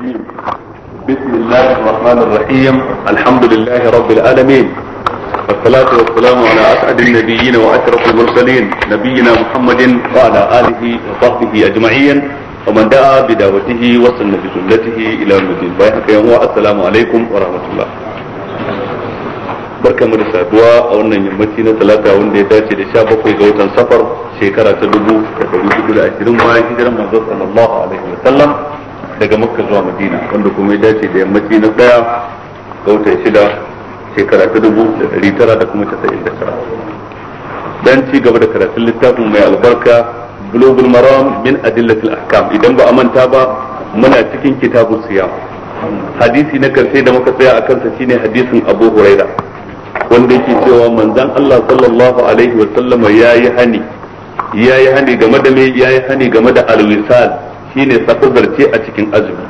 الرحيم بسم الله الرحمن الرحيم الحمد لله رب العالمين والصلاة والسلام على أسعد النبيين وأشرف المرسلين نبينا محمد وعلى آله وصحبه أجمعين ومن دعا بدعوته وصلنا بسنته إلى يوم هو السلام عليكم ورحمة الله barka mu da saduwa a wannan yammaci na talata wanda ya dace da sha bakwai ga watan safar shekara ta dubu da da ashirin bayan hijiran manzo sallallahu alaihi wa sallam daga makka zuwa madina wanda kuma ya dace da yammaci na daya ga watan shida shekara ta dubu da dari tara da kuma casa'in da tara dan ci gaba da karatun littafin mai albarka global maram min adillatil ahkam idan ba a manta ba muna cikin kitabu siyam hadisi na karshe da muka tsaya a kansa shine hadisin abu huraira wanda yake cewa manzan Allah sallallahu alaihi wa sallama yayi hani yayi hani game da me yi hani game da alwisal shine sakazarce a cikin azumi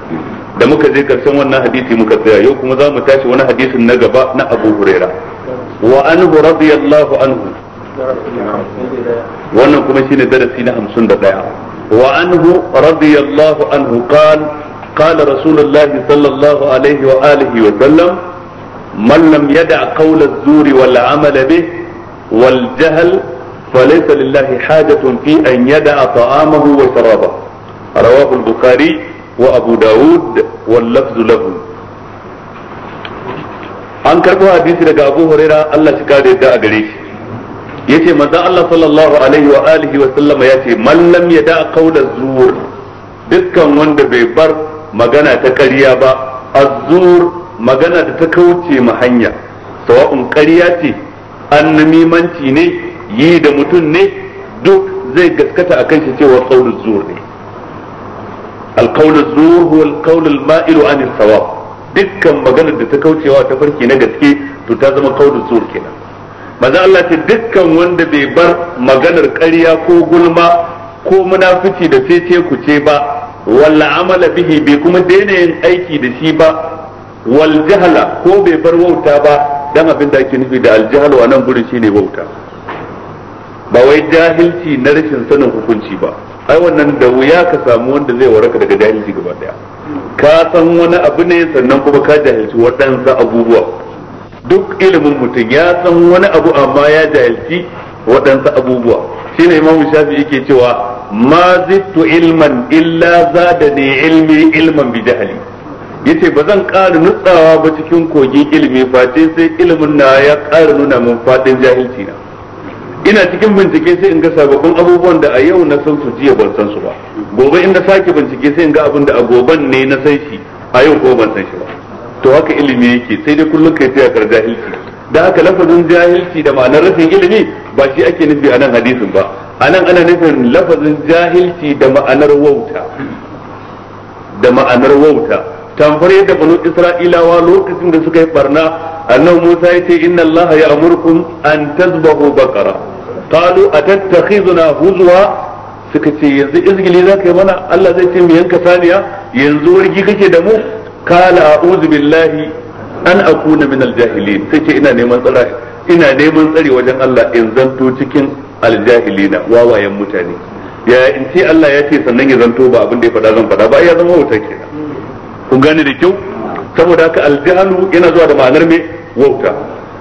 da muka je karshen wannan hadisi muka tsaya yau kuma za mu tashi wani hadisin na gaba na Abu Huraira wa anhu radiyallahu anhu wannan kuma shine darasi na daya. wa anhu radiyallahu anhu qala قال رسول الله صلى الله عليه وآله وسلم من لم يدع قول الزور والعمل به والجهل فليس لله حاجة في أن يدع طعامه وشرابه رواه البخاري وأبو داود واللفظ له an karɓi hadisi daga abu huraira Allah shi kare yadda a gare shi yace manzon Allah sallallahu alaihi wa alihi wa sallama yace man lam yada qawla zur dukkan wanda bai bar magana ta ƙarya ba azzur magana da ta kauce ma hanya sawa'un ƙarya ce annamimanci ne yi da mutum ne duk zai gaskata akan shi cewa qawlu zur ne القول الزور هو القول المائل عن الصواب dukkan maganar da ta kaucewa ta farki na gaske to ta zama kaudin zuwa kenan maza Allah ce dukkan wanda bai bar maganar ƙarya ko gulma ko munafici da fece ku ce ba walla amala bihi bai kuma daina yin aiki da shi ba wal jahala ko bai bar wauta ba dan abin da ake nufi da al jahala nan gurin shine wauta ba wai jahilci na rashin sanin hukunci ba ai wannan da wuya ka samu wanda zai waraka daga jahilci gaba daya ka san wani abu ne sannan kuma ka jahilci waɗansa abubuwa duk ilimin mutum ya san wani abu amma ya jahilci waɗansa abubuwa shine imamu shafi yake cewa ma zittu ilman illa ne ilmi ilman bi Ya ce ba zan ƙara nutsawa ba cikin kogin ilimi face sai ilimin na ya ƙara nuna min faɗin jahilci na ina cikin bincike sai in ga sababbin abubuwan da a yau na san su jiya ban san su ba gobe in na sake bincike sai in ga abin da a goban ne na san shi a yau ko ban san shi ba to haka ilimi yake sai dai kullum kai tsaya kar jahilci da haka lafazin jahilci da ma'anar rashin ilimi ba shi ake nufi a nan hadisin ba a nan ana nufin lafazin jahilci da ma'anar wauta da ma'anar wauta tamfar yadda banu isra'ilawa lokacin da suka yi barna annabi Musa ya ce inna Allah ya amurkum an tazbahu baqara qalu atattakhizuna huzwa suka ce yanzu izgili zaka yi mana Allah zai ce mu yanka saniya yanzu wargi kake da mu kala a'udhu billahi an akuna min aljahilin sai ce ina neman tsara ina neman tsare wajen Allah in zanto cikin aljahilina wawayen mutane ya in ce Allah ya ce sannan ya zanto ba abin da ya faɗa zan faɗa ba ya zama wata kenan ku gane da kyau saboda haka aljahalu yana zuwa da ma'anar me wauta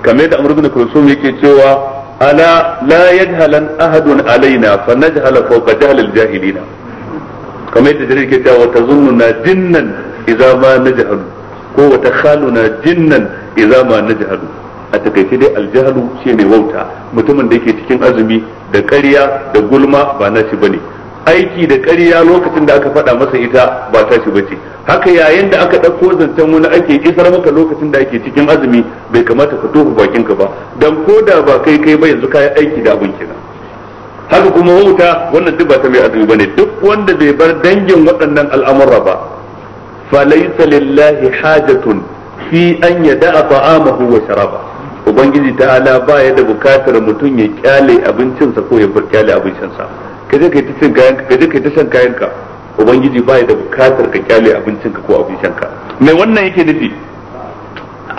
kamar da amr ibn kulsum yake cewa ala la yajhalan ahadun alaina fa najhala fawqa jahl al jahilina kamar da jarir yake cewa tazunnuna jinnan idza ma najhalu ko wa takhaluna jinnan idza ma najhalu a takaice dai aljahalu shine wauta mutumin da yake cikin azumi da ƙarya da gulma ba nashi bane aiki da ƙarya lokacin da aka faɗa masa ita ba tashi bace haka yayin da aka ɗauko zancen wani ake isar maka lokacin da ake cikin azumi bai kamata ka tofa ka ba dan ko da ba kai kai ba yanzu kayan aiki da abin kenan haka kuma wauta wannan duk ba ta mai azumi bane duk wanda bai bar dangin waɗannan al'amura ba fa laysa lillahi hajatun fi an yada'a ta'amahu wa sharaba ubangiji ta'ala ba ya da bukatar mutum ya kyale abincinsa ko ya bar abincinsa ka je kai ta cin kayan ka je kai ta shan kayan ka ubangiji baya da bukatar ka kyale abincin ka ko abin shan ka mai wannan yake nufi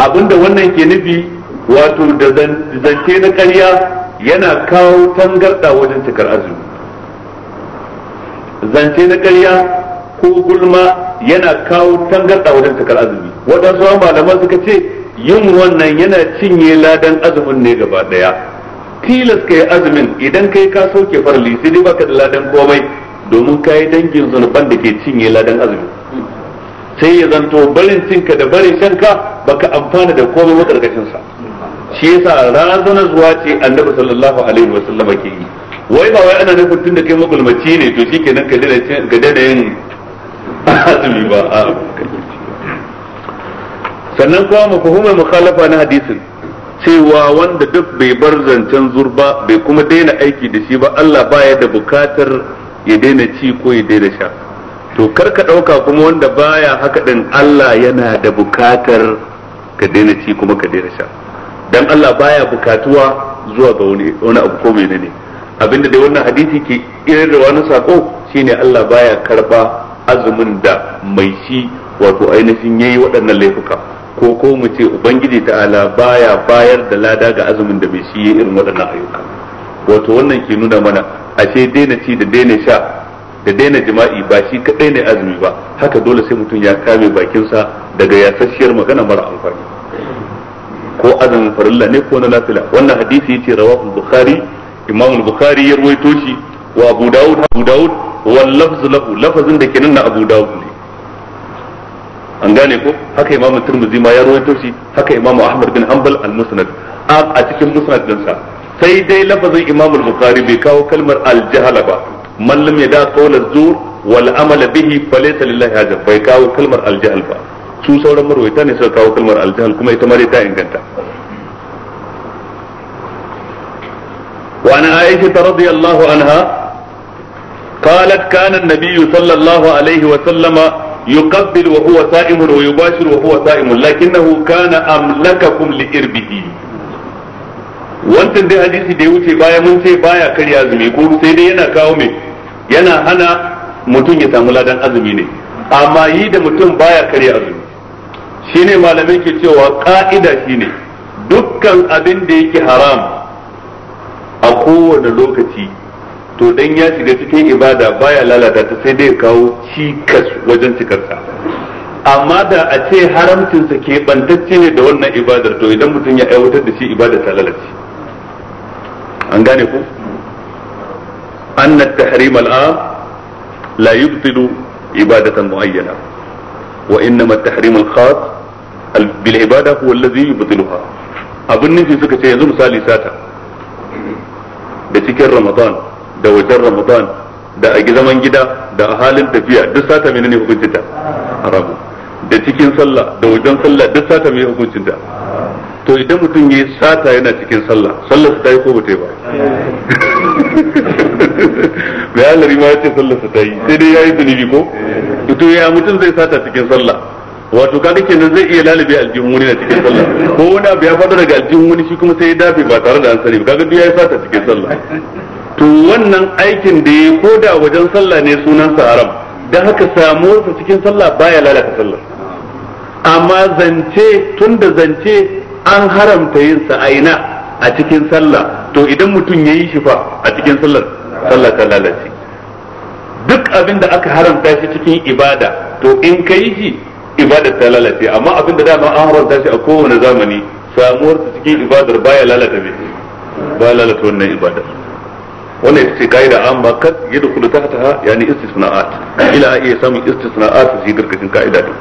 abinda wannan yake nufi wato da zance na ƙarya yana kawo tangarda wajen cikar azumi zance na ƙarya ko gulma yana kawo tangarda wajen cikar azumi waɗansu malaman suka ce yin wannan yana cinye ladan azumin ne gaba ɗaya tilas kai azumin idan kai ka soke farli sai dai baka da ladan komai domin kai dangin zunuban da ke cinye ladan azumi sai ya zanto barin cinka da barin shanka baka amfana da komai makarkashin sa shi yasa razana zuwa ce annabi sallallahu alaihi wasallam ke yi wai ba wai ana nufin tun da kai magulmaci ne to shikenan ka ka daina yin azumi ba sannan kuma mafahimar mukhalafa na hadisin cewa wanda duk bai bar zancen zurba bai kuma daina aiki da shi ba Allah baya da bukatar ya daina ci ko ya daina sha to kar ka ɗauka kuma wanda baya haka din Allah yana da bukatar ka daina ci kuma ka daina sha dan Allah baya bukatuwa zuwa ga wani wani abu ko menene abinda dai wannan hadisi ke irin da wani sako shine Allah baya karba azumin da mai shi wato ainihin yayi waɗannan laifuka ko ko mu ce ubangiji ta'ala baya bayar da lada ga azumin da bai shi ya irin waɗannan ayyuka wato wannan ke nuna mana ashe daina ci da daina sha da daina jima'i ba shi kaɗai ne azumi ba haka dole sai mutum ya kame bakinsa daga yasasshiyar magana mara amfani ko azumin farilla ne ko na lafila. wannan hadisi yace rawahu bukhari imamu bukhari ya rawaito shi wa abu daud abu daud wal lafzu lahu lafazin da ke nan na abu daud ne an gane ko haka imam turmuzi ma ya ruwaito shi haka imama ahmad bin hanbal al-musnad a cikin musnad dinsa sai dai lafazin imam al-bukhari bai kawo kalmar al-jahala ba man lam yada qawl az-zur wal amala bihi falaysa lillahi haja bai kawo kalmar al ba su sauran marwayata ne suka kawo kalmar al kuma ita ma ta inganta وعن عائشة رضي الله عنها قالت كان النبي صلى الله عليه وسلم يقبل وهو صائم ويباشر وهو صائم لكنه كان أملككم لإربه wancan dai hadisi da ya wuce baya mun sai baya karya azumi ko sai dai yana kawo mai yana hana mutum ya samu ladan azumi ne amma yi da mutum baya karya azumi shine malamai ke cewa ka'ida shine dukkan abin da yake haram a kowane lokaci to dan ya shiga cikin ibada baya lalata ta sai dai kawo cikas wajen cikarsa amma da a ce haramcinsa ke bantacce ne da wannan ibadar to idan mutum ya aiwatar da shi ibada ta lalace an gane ku an na tahrim al'am la yubtilu ibadatan muayyana wa innama at-tahrim al-khas bil ibada huwa alladhi yubtiluha abin nufi suka ce yanzu misali sata da cikin ramadan da wajen ramadan da a zaman gida da a halin tafiya duk sata menene hukuncin ta haramu da cikin sallah da wajen sallah duk sata mai hukuncin ta to idan mutum yi sata yana cikin sallah sallar ta yi ko ba ta yi ba mai halari ma yace sallar sa ta yi sai dai yayi zunubi ko to ya mutum zai sata cikin sallah wato kaga kenan zai iya lalabe aljihun wani na cikin sallah ko wani abu ya fada daga aljihun wani shi kuma sai ya dafe ba tare da an sani ba kaga duk yayi sata cikin sallah to wannan aikin da ya ko da wajen sallah ne sunansa haram don haka samuwarsa cikin sallah baya lalata sallah amma zance tun da zance an haramta yin sa aina a cikin sallah to idan mutum ya yi shi fa a cikin sallar sallah ta lalace duk abin da aka haramta shi cikin ibada to in ka yi shi ibadar ta lalace amma abin da dama an haramta shi a kowane zamani samuwarsa cikin ibadar baya lalata baya lalata wannan ibadar wannan ita ce ka'ida amma kad yadkhulu tahtaha yani istisna'at ila a iya samun istisna'at su yi karkashin ka'ida din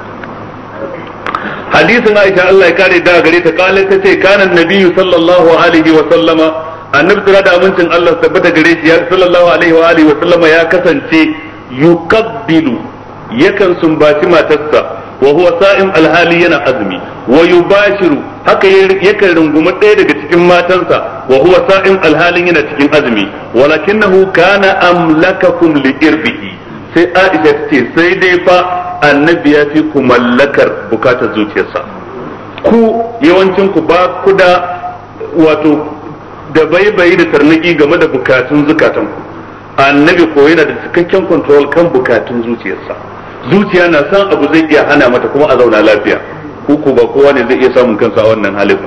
hadisin Aisha Allah ya kare daga gare ta kalin ta ce kana nabiyyu sallallahu alaihi wa sallama annabi tsira da amincin Allah tabbata gare shi ya sallallahu alaihi wa alihi wa sallama ya kasance yukabbilu yakan sumbaci matarsa wa huwa sa'im alhali yana azumi wa yubashiru haka yakan rungumi ɗaya daga cikin matansa wa huwa sa'im alhalin yana cikin azumi walakinahu kana amlakakum li sai Aisha ce sai dai fa annabi ya fi ku mallakar bukatar zuciyarsa ku yawancin ku ba ku da wato da baibayi da tarnaki game da bukatun zukatanku annabi ko na da cikakken control kan bukatun zuciyarsa zuciya na san abu zai iya hana mata kuma a zauna lafiya ko ba kowa ne zai iya samun kansa a wannan halin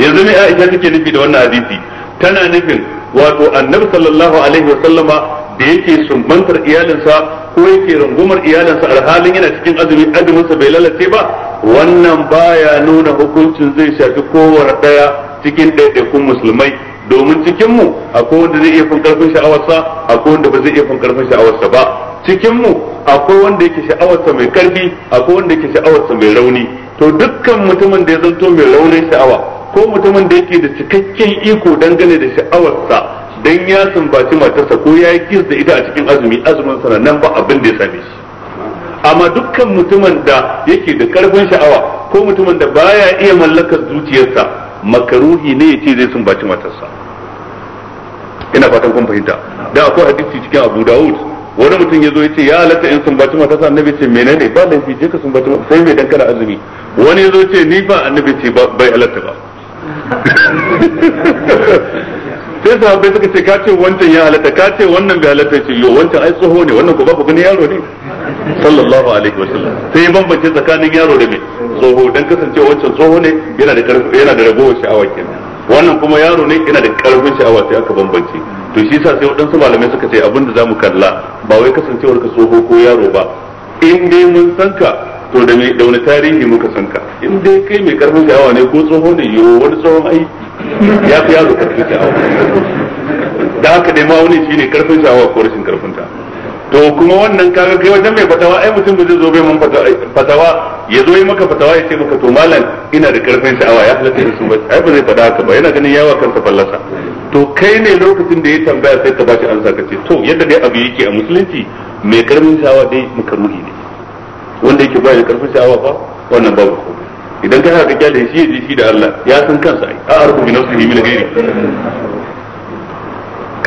yanzu ne Aisha take nufi da wannan hadisi tana nufin wato annabi sallallahu alaihi wasallama da yake sumbantar iyalinsa ko yake rungumar iyalinsa alhalin yana cikin azumi azuminsa bai lalace ba wannan baya nuna hukuncin zai shafi kowar daya cikin ɗaiɗaikun musulmai domin cikin mu akwai wanda zai iya fin karfin sha'awarsa akwai wanda ba zai iya fin karfin sha'awarsa ba cikin mu akwai wanda yake sha'awarsa mai karfi akwai wanda yake sha'awarsa mai rauni to dukkan mutumin da ya zanto mai raunin sha'awa ko mutumin da yake da cikakken iko dangane da sha'awarsa dan ya sumbaci matarsa ko ya yi kis da ita a cikin azumi azumin sa nan ba abin da ya same shi amma dukkan mutumin da yake da karfin sha'awa ko mutumin da baya iya mallakar zuciyarsa makaruhi ne ya ce zai sumbaci matarsa ina fatan kun fahimta da akwai hadisi cikin Abu Dawud wani mutum ya zo ya ce ya halatta in sumbaci sa annabi ce menene ba laifi je ka sumbaci sai mai dan azumi wani ya zo ce ni ba annabi ce bai halatta ba sai sahabbai suka ce ka ce wancan ya halatta ka ce wannan bai halatta ce yo wancan ai tsoho ne wannan ko ba ku gani yaro ne sallallahu alaihi wasallam sai ya bambance tsakanin yaro da mai tsoho dan kasance wancan tsoho ne yana da yana da ragowar sha'awa kenan wannan kuma yaro ne yana da karfin sha'awa sai aka bambance to shi sa sai waɗansu malamai suka ce abinda za mu kalla ba wai kasancewar ka tsoho ko yaro ba in dai mun san ka to da mai dauna tarihi muka san ka in dai kai mai karfin sha'awa ne ko tsoho ne yo wani tsohon ai ya fi yaro karfin sha'awa da haka dai ma wani shine karfin sha'awa ko rashin karfin ta to kuma wannan kaga kai wajen mai fatawa ai mutum ba zai zo bai mun fatawa ya zo yi maka fatawa ya ce maka to malam ina da karfin sha'awa ya halatta da su ba ai ba zai fada haka ba yana ganin yawa kansa fallasa to kai ne lokacin da ya tambaya sai ta ba shi ansa kace to yadda dai abu yake a musulunci mai karfin shawa dai makaruhi ne wanda yake ba da karfin shawa ba wannan babu ko idan ka haka kyale shi ya shi da Allah ya san kansa ai a arfu bi nafsihi min ghairi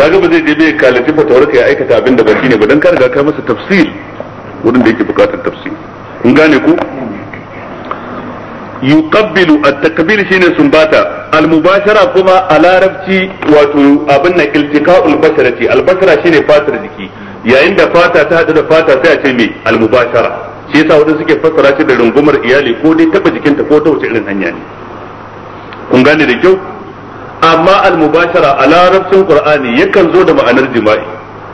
kaga ba zai je bai kalaci fatawar ka ya aikata abin da ba shine ba dan ka riga ka masa tafsil wurin da yake bukatar tafsil kun gane ku yuqabbilu at-takbir shine sumbata al-mubashara kuma alarabci larabci wato abin na iltiqa'ul basharati al basara shine fatar jiki yayin da fata ta hadu da fata sai a ce me al-mubashara shi yasa wadanda suke fassara shi da rungumar iyali ko dai taba ta ko ta wuce irin hanya ne kun gane da kyau amma al-mubashara a larabcin qur'ani yakan zo da ma'anar jima'i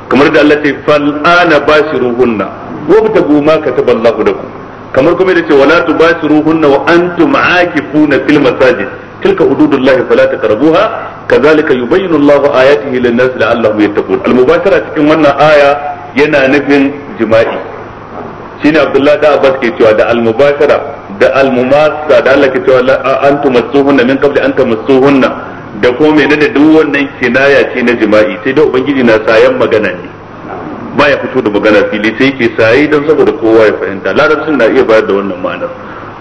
kamar da Allah ce fal ana bashiruhunna wabtagu ma kataballahu lakum kamar kuma yace wala tubashiruhunna wa antum aakifuna fil masajid tilka hududullahi fala taqrabuha kadhalika yubayyinu Allahu ayatihi lin-nas la'allahum yattaqun al-mubashara cikin wannan aya yana nufin jima'i shine Abdullahi da Abbas ke cewa da al-mubashara da al-mumassa da Allah ke cewa antum masuhunna min qabli an tamassuhunna da kuma menene duk wannan kinaya ce na jima'i sai da ubangiji na sayan magana ne ba ya fito da magana fili sai yake saye don saboda kowa ya fahimta larabcin na iya bayar da wannan ma'anar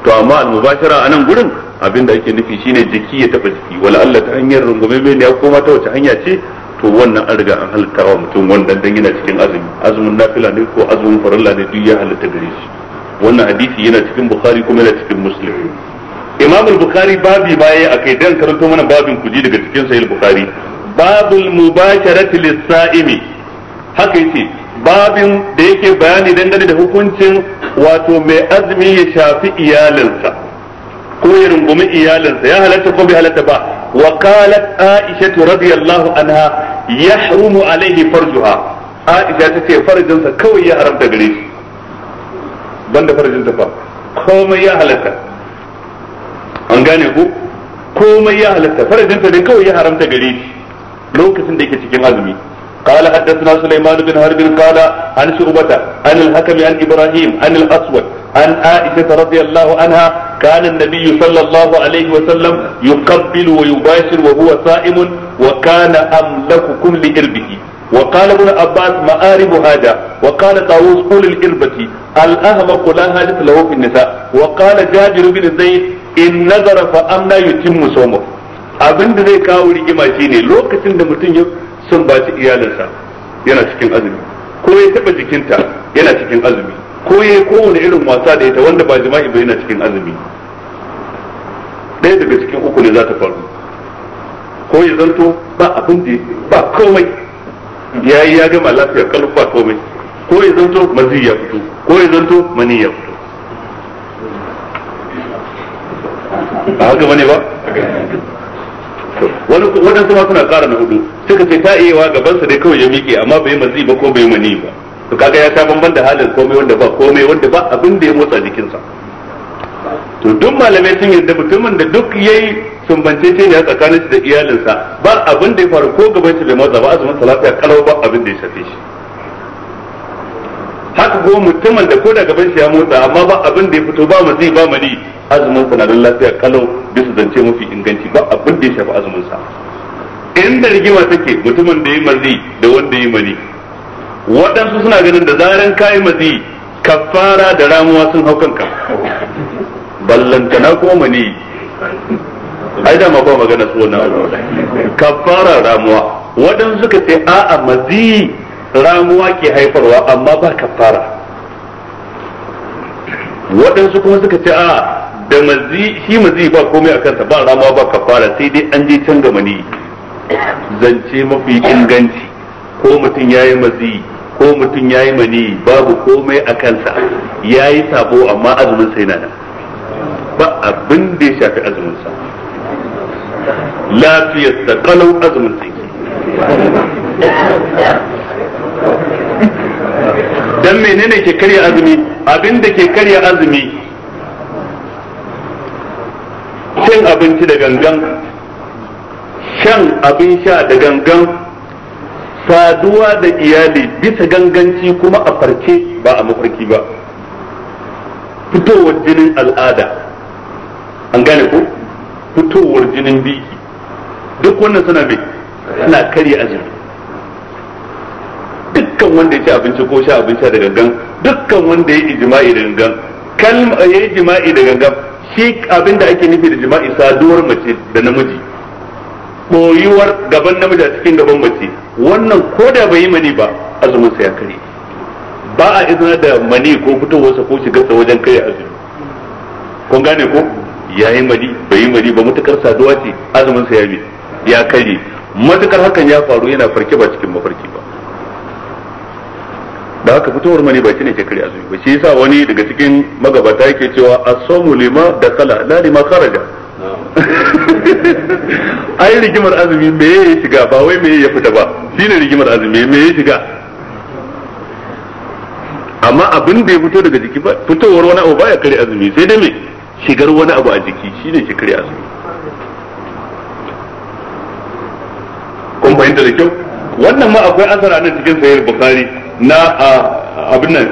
to amma al-mubashara a nan gurin abinda ake nufi shine jiki ya taba jiki wala Allah ta hanyar rungume mai ya koma ta wace hanya ce to wannan an riga an halitta wa mutum wanda dan yana cikin azumi azumin nafila ne ko azumin farilla ne duk ya halitta gare shi wannan hadisi yana cikin bukhari kuma yana cikin muslim imam al-bukhari babi baya akai dan karanto mana babin kuji daga cikin sahih bukhari babul mubasharati lis-sa'imi haka yace babin da yake bayani dangane da hukuncin wato mai azumi ya shafi iyalinsa ko ya rungumi iyalinsa ya halatta ko bai halatta ba wa qalat aisha radiyallahu anha yahrumu alaihi farjuha aisha ta ce sa kawai ya haramta gare shi banda ta fa komai ya halatta an gane ku komai ya halatta ta ne kawai ya haramta gare shi lokacin da yake cikin azumi قال حدثنا سليمان بن هرب قال عن شعبة عن الحكم عن إبراهيم عن الأسود عن عائشة رضي الله عنها كان النبي صلى الله عليه وسلم يقبل ويباشر وهو صائم وكان أملككم لإربه وقال ابن عباس مآرب هذا وقال طاووس قول الإربة الأهمق لا هاجة له في النساء وقال جابر بن زيد إن نظر فأمنا يتم صومه abin da zai kawo rigima shine lokacin da mutum sun ba iyalinsa yana cikin azumi ko ya taba jikinta yana cikin azumi ko ya kowane irin wasa da ita wanda ba jima'i ba yana cikin azumi ɗaya daga cikin uku ne za ta faru ko ya zanto ba abin da ba komai ya yi ya gama lafiya kalu ba komai ko ya zanto mazi ya fito ko ya zanto mani ya fito ba haka bane ba waɗansu ma suna ƙara na hudu suka ce ta iya sa dai kawai ya miƙe amma bai mazi ba ko bai mani ba to kaga ya sha bamban da halin komai wanda ba komai wanda ba abin da ya motsa jikin sa. to duk malamai sun yarda mutumin da duk yayi sumbance ce ne tsakanin shi da iyalinsa ba abin da ya faru ko gaban shi bai motsa ba azumin sa lafiya kalau ba abin da ya shafe shi haka ko mutumin da ko da gaban shi ya motsa amma ba abin da ya fito ba mazi ba mani azumin sa na da lafiya kalau bisa zance mafi inganci ba abin da ya shafi azumin sa inda rigima take mutumin da ya mazi da wanda ya mani waɗansu suna ganin da zaran kayi mazi kafara da ramuwa sun hau kanka ballantana ko mani ai da ma ba magana su wannan kafara ramuwa waɗansu suka ce a'a mazi ramuwa ke haifarwa amma ba kafara waɗansu kuma suka ce a da mazi shi mazi ba komai a kansa ba ramuwa ba kafara sai dai an je can gama ni, zance mafi inganci ko mutum ya yi mazi ko mutum ya yi mani babu komai a kansa ya yi sabo amma azumin sai na ba abin da ya shafi azumin sa lafiyar da kalau azumin sai dan menene ke karya azumi abin da ke karya azumi cin abinci da gangan shan abin sha da gangan saduwa da iyali bisa ganganci kuma a farke ba a mafarki ba fitowar jinin al'ada an gane ko fitowar jinin biki duk wannan suna mai suna karya azumi dukkan wanda ya ci abinci ko sha abin sha da gangan dukkan wanda ya yi jima'i da gangan kalma ya yi jima'i da gangan shi abin da ake nufi da jima'i saduwar mace da namiji boyuwar gaban namiji a cikin gaban mace wannan ko da bai yi mani ba azumin sa ya kare ba a izina da mani ko sa ko shigar sa wajen kai azumi kun gane ko ya yi mani bai yi mani ba mutukar saduwa ce azumin sa ya bi ya kare matukar hakan ya faru yana farke ba cikin mafarki ba da haka fitowar mani bai ne ke kare azumi ba shi yasa wani daga cikin magabata yake cewa as-sawmu lima dakala la lima kharaja ai rigimar azumi me ya shiga ba wai me ya fita ba shine rigimar azumi me ya shiga amma abin da ya fito daga jiki ba fitowar wani abu baya kare azumi sai dai me shigar wani abu a jiki shine ke karya azumi kun fahimta da kyau wannan ma akwai asara nan cikin sayar bukhari na abin nan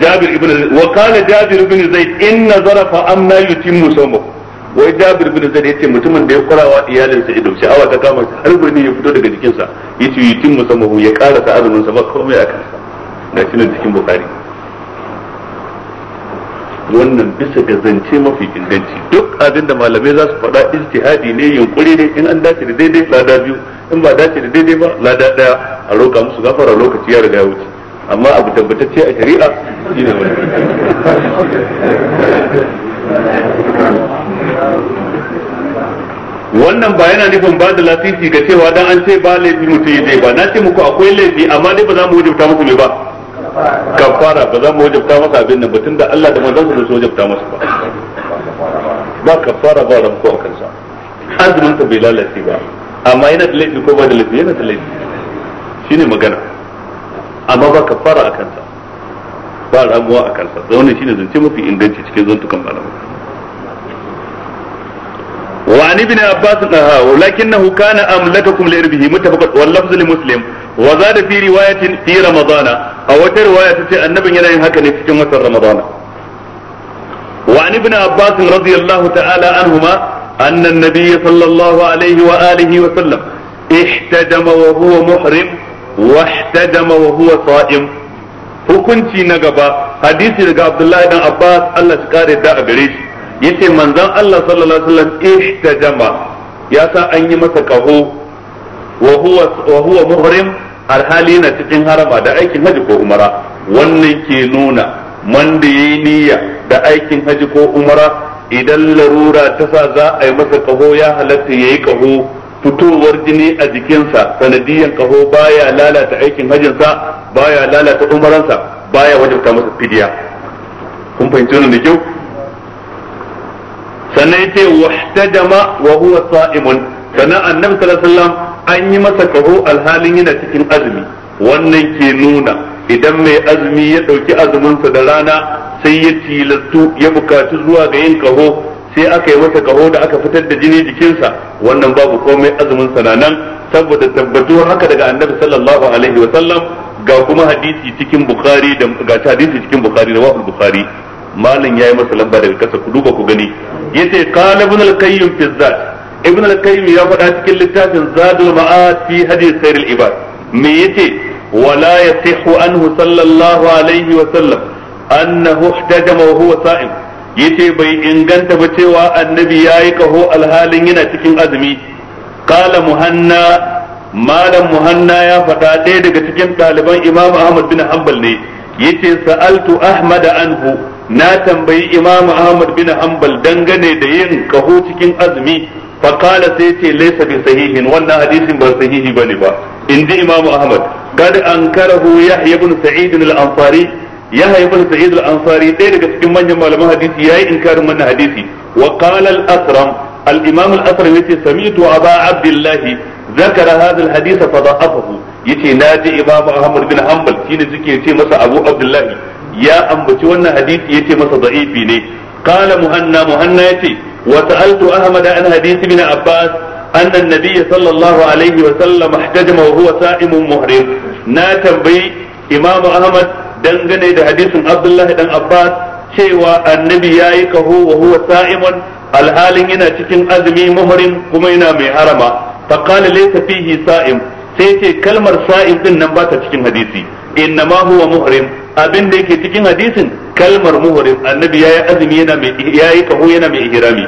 Jabir ibn wa kana Jabir ibn Zaid nazara zarafa amna yutimmu sawma wai Jabir ibn Zaid yace mutumin da ya kurawa iyalinsa ido sha'awa ta kama har ne ya fito daga jikinsa yace yutimmu sawma ya karasa azumin sa ba komai akan sa shi nan cikin Bukhari wannan bisa ga zance mafi inganci duk abinda malamai za su faɗa ijtihadi ne yunkuri ne in an dace da daidai lada biyu in ba dace da daidai ba lada daya a roka musu gafara lokaci ya riga ya wuce amma abu tabbatacce a shari'a shi ne wani wannan ba yana nufin ba da lasisi ga cewa dan an ce ba laifi mutum yi zai ba na ce muku akwai laifi amma dai ba za mu wajabta muku mai ba kafara ba za mu wajabta masa abin nan batun da Allah da manzon sa su wajabta masa ba ba kafara ba ramko a kansa azumin ta bai lalace ba amma yana da laifi ko ba da laifi yana da laifi shine magana amma ba kafara a kansa ba ramuwa a kansa da wannan shine zance mafi inganci cikin zantukan malamai وعن ابن عباس نها ولكنه كان املككم لاربه متفق واللفظ لمسلم وزاد في روايه في رمضان او روايه تتي النبي yana yin haka ne cikin watan ramadana وعن ابن عباس رضي الله تعالى عنهما ان النبي صلى الله عليه واله وسلم احتدم وهو محرم واحتدم وهو صائم hukunci na gaba hadisi daga Abdullahi dan Abbas Allah shi kare da a gare shi yace manzon Allah sallallahu alaihi wasallam ya sa an yi masa kaho wa huwa wa huwa muhrim na cikin harama da aikin haji ko umara wannan ke nuna man da yayi niyya da aikin haji ko umara idan larura ta sa za a yi masa kaho ya halatta yayi kaho fitowar jini a jikinsa sanadiyan kaho baya lalata aikin hajjinsa baya lalata umaransa baya wajabta masa fidiya kun fahimci wannan da kyau sannan yace wahtajama wa huwa sa'imun sannan annabi sallallahu alaihi wasallam an yi masa kaho alhalin yana cikin azumi wannan ke nuna idan mai azumi ya dauki sa da rana sai ya tilattu ya bukaci zuwa ga yin kaho sai aka yi masa kaho da aka fitar da jini jikinsa wannan babu komai azumin sa nan saboda tabbatuwar haka daga annabi sallallahu alaihi wa sallam ga kuma hadisi cikin bukhari da ga hadisi cikin bukhari da wahul bukhari malin yayi masa lamba daga kasa ku duba ku gani yace qala ibn al-qayyim fi zat ibn al-qayyim ya faɗa cikin littafin zadul ma'ad fi hadith khairul ibad me yace wala yasihu anhu sallallahu alaihi wa sallam annahu ihtajama wa huwa sa'im yace bai inganta ba cewa annabi yayi kaho alhalin yana cikin azumi qala muhanna malam muhanna ya faɗa ɗaya daga cikin ɗaliban imam ahmad bin hanbal ne yace sa'altu ahmad anhu na tambayi imam ahmad bin hanbal dangane da yin kaho cikin azumi fa qala sai ce laysa bi sahihin wannan hadisin ba sahihi bane ba inji imam ahmad kad ankarahu yahya ibn sa'id al-ansari ya haifar sa'id al-ansari ɗaya daga cikin manyan malaman hadisi yayi inkarin wannan hadisi wa qala al-asram al-imam al-asram yace sami'tu aba abdullah zakara hadha al-hadith fa da'afahu yace naji imam ahmad bin hanbal shine suke ce masa abu abdullah ya ambaci wannan hadisi yace masa da'ifi ne qala muhanna muhanna yace wa sa'altu ahmad an hadisi bin abbas أن النبي صلى الله عليه وسلم احتجم وهو سائم محرم ناتم بي إمام أحمد dangane da hadisin Abdullahi dan Abbas cewa annabi yayi kaho wa huwa sa'imun alhalin yana cikin azumi muhrim kuma yana mai harama fa qala laysa fihi sa'im sai ce kalmar sa'im din nan ba ta cikin hadisi innama huwa muhrim abin da yake cikin hadisin kalmar muhrim annabi yi azumi yana mai yayi kaho yana mai ihrami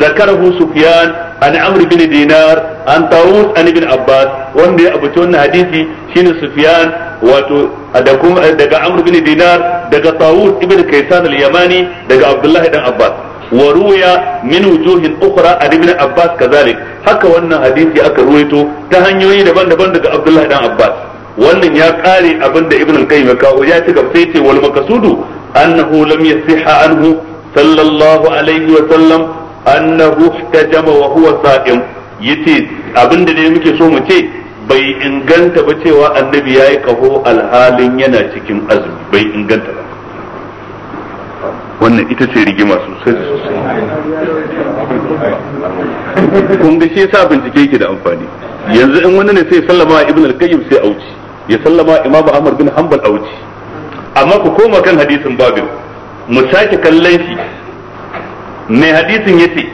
zakarahu sufyan an amr bin dinar an tawus an ibn abbas wanda ya abuci wannan hadisi shine sufyan wato da daga amr bin dinar daga tawus ibn kaisan al-yamani daga abdullahi dan abbas wa ruya min wujuhin ukhra an ibn abbas kazalik haka wannan hadisi aka ruwaito ta hanyoyi daban-daban daga abdullahi dan abbas wannan ya kare abinda da ibn al-qayyim ya kawo ya ci gaba sai ce wal maqsudu annahu lam yasiha anhu sallallahu alaihi wa sallam annahu ihtajama wa huwa sa'im yace abinda ne muke so mu ce bai inganta ba cewa annabi yayi kaho alhalin yana cikin azumi bai inganta ba wannan ita ce rigima sosai da sosai kun ga shi yasa bincike yake da amfani yanzu in wani ne sai sallama ibn al-qayyim sai auci ya sallama imam ahmad bin hanbal auci amma ku koma kan hadisin babin mu sake kallon shi mai hadisin yace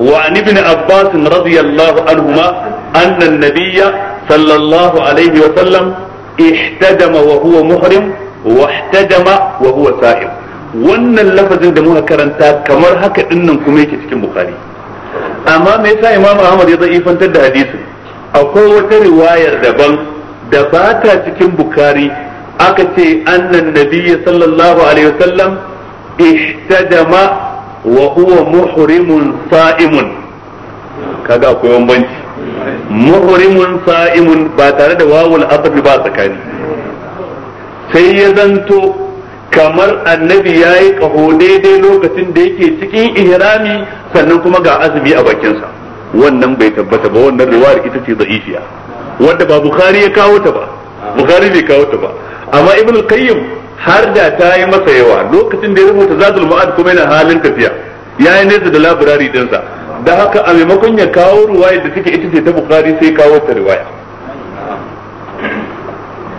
wa an ibn abbas radiyallahu anhuma anna an-nabiyya sallallahu alaihi wa sallam ihtadama wa huwa muhrim wa ihtadama wannan lafazin da muka karanta kamar haka dinnan kuma yake cikin bukhari amma me yasa imam ahmad ya zaifantar da hadisin akwai wata riwayar daban da ba ta cikin bukhari aka ce annan nabiyyi sallallahu alaihi wasallam ihtadama wa huwa muhrimun sa'imun kaga akwai bambanci muhrimun sa'imun ba tare da wawul asabi ba tsakani sai ya zanto kamar annabi ya yi ƙaho daidai lokacin da yake cikin ihrami sannan kuma ga azumi a bakinsa wannan bai tabbata ba wannan riwayar ita ce da'ifiya wanda ba bukhari ya kawo ta ba bukhari bai kawo ta ba amma ibn qayyim har da ta yi masa yawa lokacin da ya rubuta zatul ma'ad kuma yana halin tafiya ya yi nesa da labirari dinsa da haka a maimakon ya kawo ruwaya da take ita ce ta bukari sai kawo ta riwaya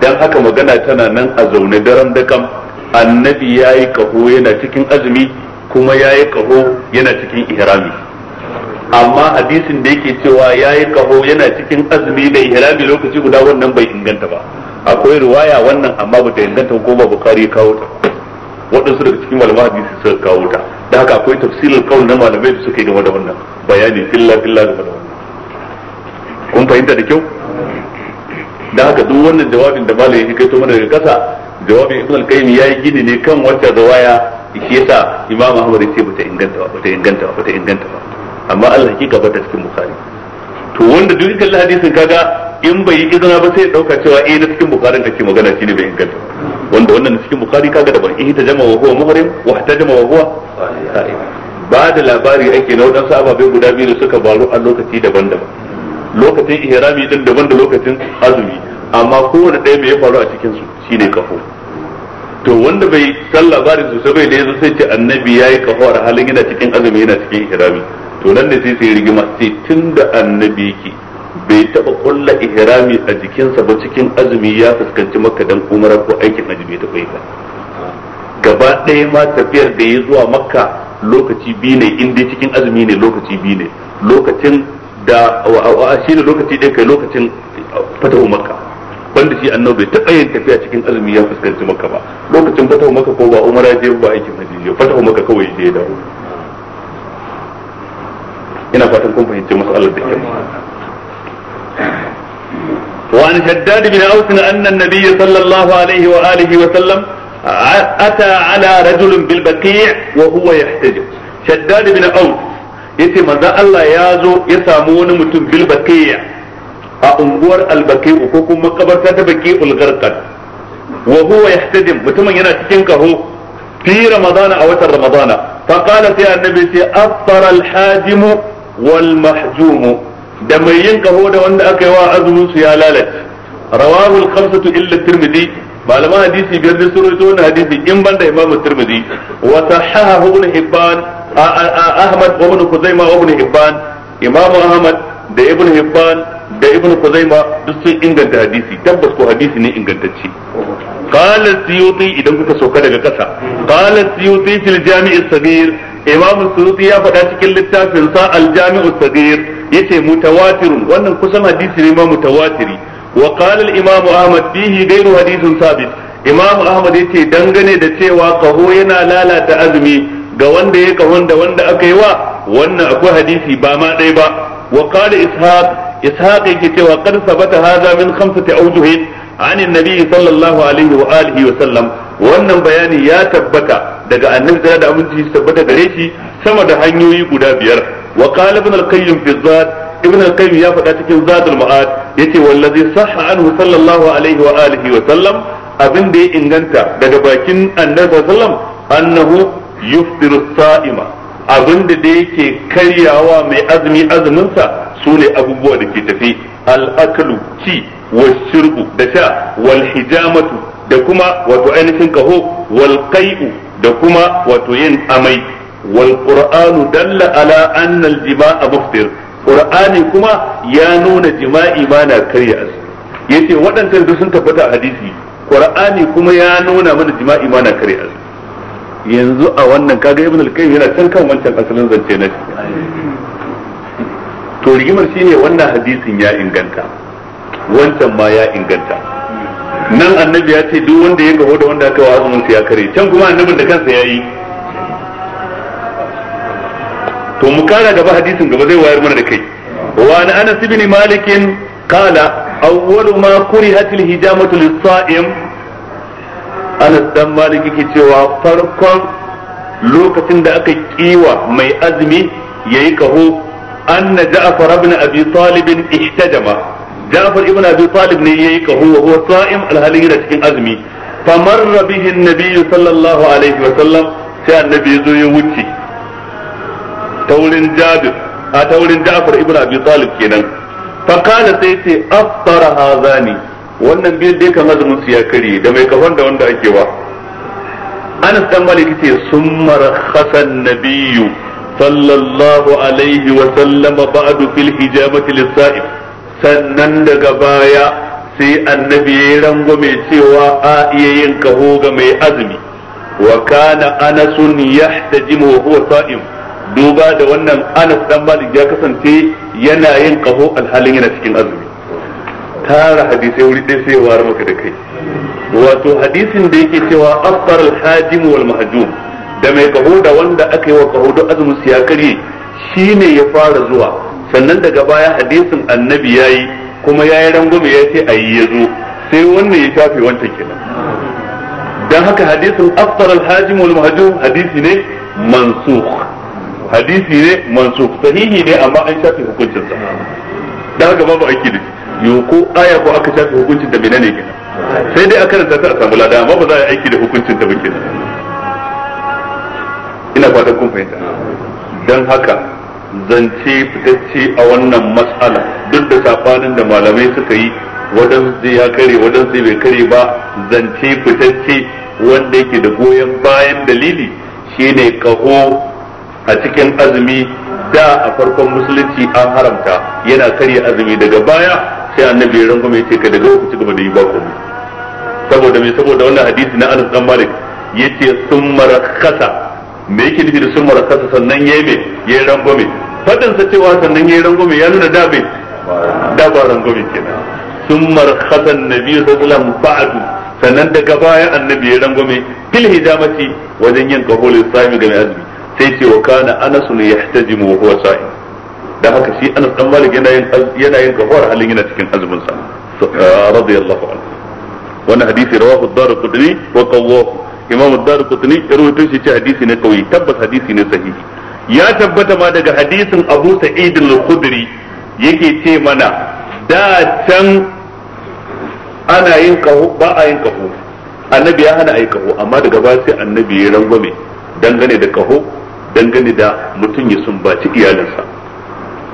dan haka magana tana nan a zaune daren da kam annabi ya yi kaho yana cikin azumi kuma ya yi kaho yana cikin ihrami amma hadisin da yake cewa ya yi kaho yana cikin azumi da ihrami lokaci guda wannan bai inganta ba akwai riwaya wannan amma bata inganta ko ba bukari ya kawo ta waɗansu daga cikin malamai hadisi suka kawo ta da haka akwai tafsirin kawai na malamai da suka yi game da wannan bayani filla filla game da wannan kun fahimta da kyau da haka duk wannan jawabin da malai ya kai to mana daga kasa jawabin ibn al-qayyim yayi gini ne kan wacce riwaya shi yasa imam ahmad yace bata inganta ba bata inganta ba bata inganta ba amma Allah ba ta cikin bukari, to wanda duk kallon hadisin kaga in bai yi izina ba sai ya dauka cewa eh na cikin bukarin kake magana shine bai inganta wanda wannan na cikin bukari kaga da ban eh ta jama'a huwa muhrim wa ta jama'a huwa ba da labari ake na wadansu ababe guda biyu da suka baro a lokaci daban-daban lokacin ihrami din daban da lokacin azumi amma kowane ɗaya mai ya faru a cikin su shine kafo to wanda bai san labarin sai bai da yazo sai ce annabi yayi kafo a halin yana cikin azumi yana cikin ihrami to nan ne sai sai rigima sai tunda annabi yake bai taba kulla ihrami a jikinsa ba cikin azumi ya fuskanci makka dan umara ko aikin azumi ta bai ba gaba ɗaya ma tafiyar da ya zuwa makka lokaci biyu ne in dai cikin azumi ne lokaci biyu ne lokacin da shi ne lokaci ɗaya kai lokacin fatahu makka wanda shi annabi bai taɓa yin tafiya cikin azumi ya fuskanci makka ba lokacin fatahu makka ko ba umara je ba aikin hajji fatahu makka kawai je ya dawo ina fatan kun fahimci matsalar da kyau وعن شداد بن أوس أن النبي صلى الله عليه وآله وسلم أتى على رجل بالبقيع وهو يحتجب شداد بن أوس yace manzon Allah ya zo ya samu wani mutum bil baqiya a unguwar al ko kuma makabarta ta baqiul gharqad wa huwa yahtadim mutumin yana cikin kaho fi ramadana a watan ramadana fa qala sai annabi sai afara al hajimu wal mahjumu da mai yin kaho da wanda aka yi wa azumin su ya lalace rawahul khamsatu illa tirmidhi malaman hadisi biyar da sun rawaito wannan hadisi in banda imamu tirmidhi wa sahahahu ibn hibban ahmad wa ibn kuzaima wa ibn hibban imamu ahmad da ibn hibban da ibn kuzaima duk sun inganta hadisi tabbas ko hadisi ne ingantacce qala siyuti idan kuka soka daga kasa qala siyuti fil jami' as-saghir imamu suyuti ya faɗa cikin littafin sa al-jami' as yace mutawatirun wannan kusan hadisi ne ma mutawatiri wa qala al imam ahmad fihi ghayru hadithun sabit imam ahmad yace dangane da cewa kaho yana lalata azumi ga wanda ya kahon da wanda aka yi wa wannan akwai hadisi ba ma dai ba wa qala ishaq ishaq yake cewa qad sabata hadha min khamsati awjuhin عن النبي صلى الله عليه وآله وسلم wannan bayani ya tabbata daga annabi da aminci tabbata gare shi sama da hanyoyi guda biyar wa qala ibn al-qayyim ya faɗa cikin zadul ma'ad yace wallazi sahha anhu sallallahu alaihi wa alihi wa sallam abin da ya inganta daga bakin annabi sallallahu annahu yufdiru sa'ima abin da da yake karyawa mai azumi azuminsa su ne abubuwa da ke tafi al'akalu ci wa shirbu da sha wal da kuma wato ainihin kaho wal qai'u da kuma wato yin amai wal دل على ala الجماع al muftir qur'ani kuma ya nuna jima'i ma na karya azumi yace waɗancan duk sun tabbata a hadisi qur'ani kuma ya nuna mana jima'i ma na karya azumi yanzu a wannan kaga ibn al-qayyim yana can kan wancan asalin zance na to rigimar shine wannan hadisin ya inganta wancan ma ya inganta nan annabi ya ce duk wanda ya gaho da wanda aka wa azumin ya kare can kuma annabin da kansa ya yi to mu kara gaba hadisin gaba zai wayar mana da kai wa an anas ibn malik qala awwalu ma kurihat al hijamatu lis sa'im anas dan malik yake cewa farkon lokacin da aka kiwa mai azumi yayi kaho anna ja'far ibn abi talib ihtajama ja'far ibn abi talib ne yayi kaho wa huwa sa'im al halira cikin azumi famarra bihi an-nabi sallallahu alaihi wa sallam sai annabi ya zo ya wuce ta wurin Jabir a ta wurin Ja'far ibn Abi Talib kenan fa kana sai ce afṭara hazani wannan biyun dai kan azumin su ya kare da mai kafan da wanda ake wa Anas dan Malik ce summa khasan nabiyyu sallallahu alaihi wa sallama ba'du fil hijabati lis sannan daga baya sai annabi ya mai cewa a iya yin kaho ga mai azumi wa kana anasun yahtajimu wa huwa sa'im duba da wannan Anas dan Malik ya kasance yana yin kaho alhalin yana cikin azumi tara hadisai wuri ɗaya sai war maka da kai wato hadisin da yake cewa aftar alhajim wal mahjum da mai kaho da wanda aka yi wa kaho da azumin su ya karye shine ya fara zuwa sannan daga baya hadisin annabi yayi kuma yayi rangume ya ce ayi yazo sai wannan ya shafe wancan kenan dan haka hadisin aftar alhajim wal mahjum hadisi ne mansukh hadisi ne mansuf sahihi ne amma an shafi hukuncin sa da haka babu aiki da yo ko aya ko aka shafi hukuncin da menene kenan sai dai aka karanta ta a samu lada amma ba za a yi aiki da hukuncin ta ba da ina fatan kun fahimta dan haka zance fitacce a wannan matsala duk da safanin da malamai suka yi zai ya kare zai bai kare ba zance fitacce wanda yake da goyon bayan dalili shine kaho a cikin azumi da a farkon musulunci an haramta yana karya azumi daga baya sai annabi ya rango mai ce ka daga ku ci gaba da yi ba komai saboda mai saboda wannan hadisi na Anas dan Malik yace summa rakhasa me yake nufi da summa rakhasa sannan yayi me yayi rango me fadin sa cewa sannan yayi rango me ya nuna da bai da ba rango me kenan summa rakhasa annabi sallallahu alaihi wasallam ba'du sannan daga baya annabi ya rango me fil hijamati wajen yin kahulin sami ga azumi sai ce wa kana anas ne yahtajimu wa huwa sa'i dan haka shi anas dan malik yana yin yana yin kafara halin yana cikin azumin sa ah, radiyallahu anhu wannan hadisi rawahu ad-darqutni wa qawwahu imam ad-darqutni rawaito shi ce hadisi ne kawai tabbas hadisi ne sahihi ya tabbata ma daga hadisin abu sa'id al-khudri yake ce mana da can ana yin kaho ba a yin kahu annabi ya hana a yi kahu amma daga baya sai annabi ya rangwame dangane da kahu. dangane da mutum ya sumbaci iyalinsa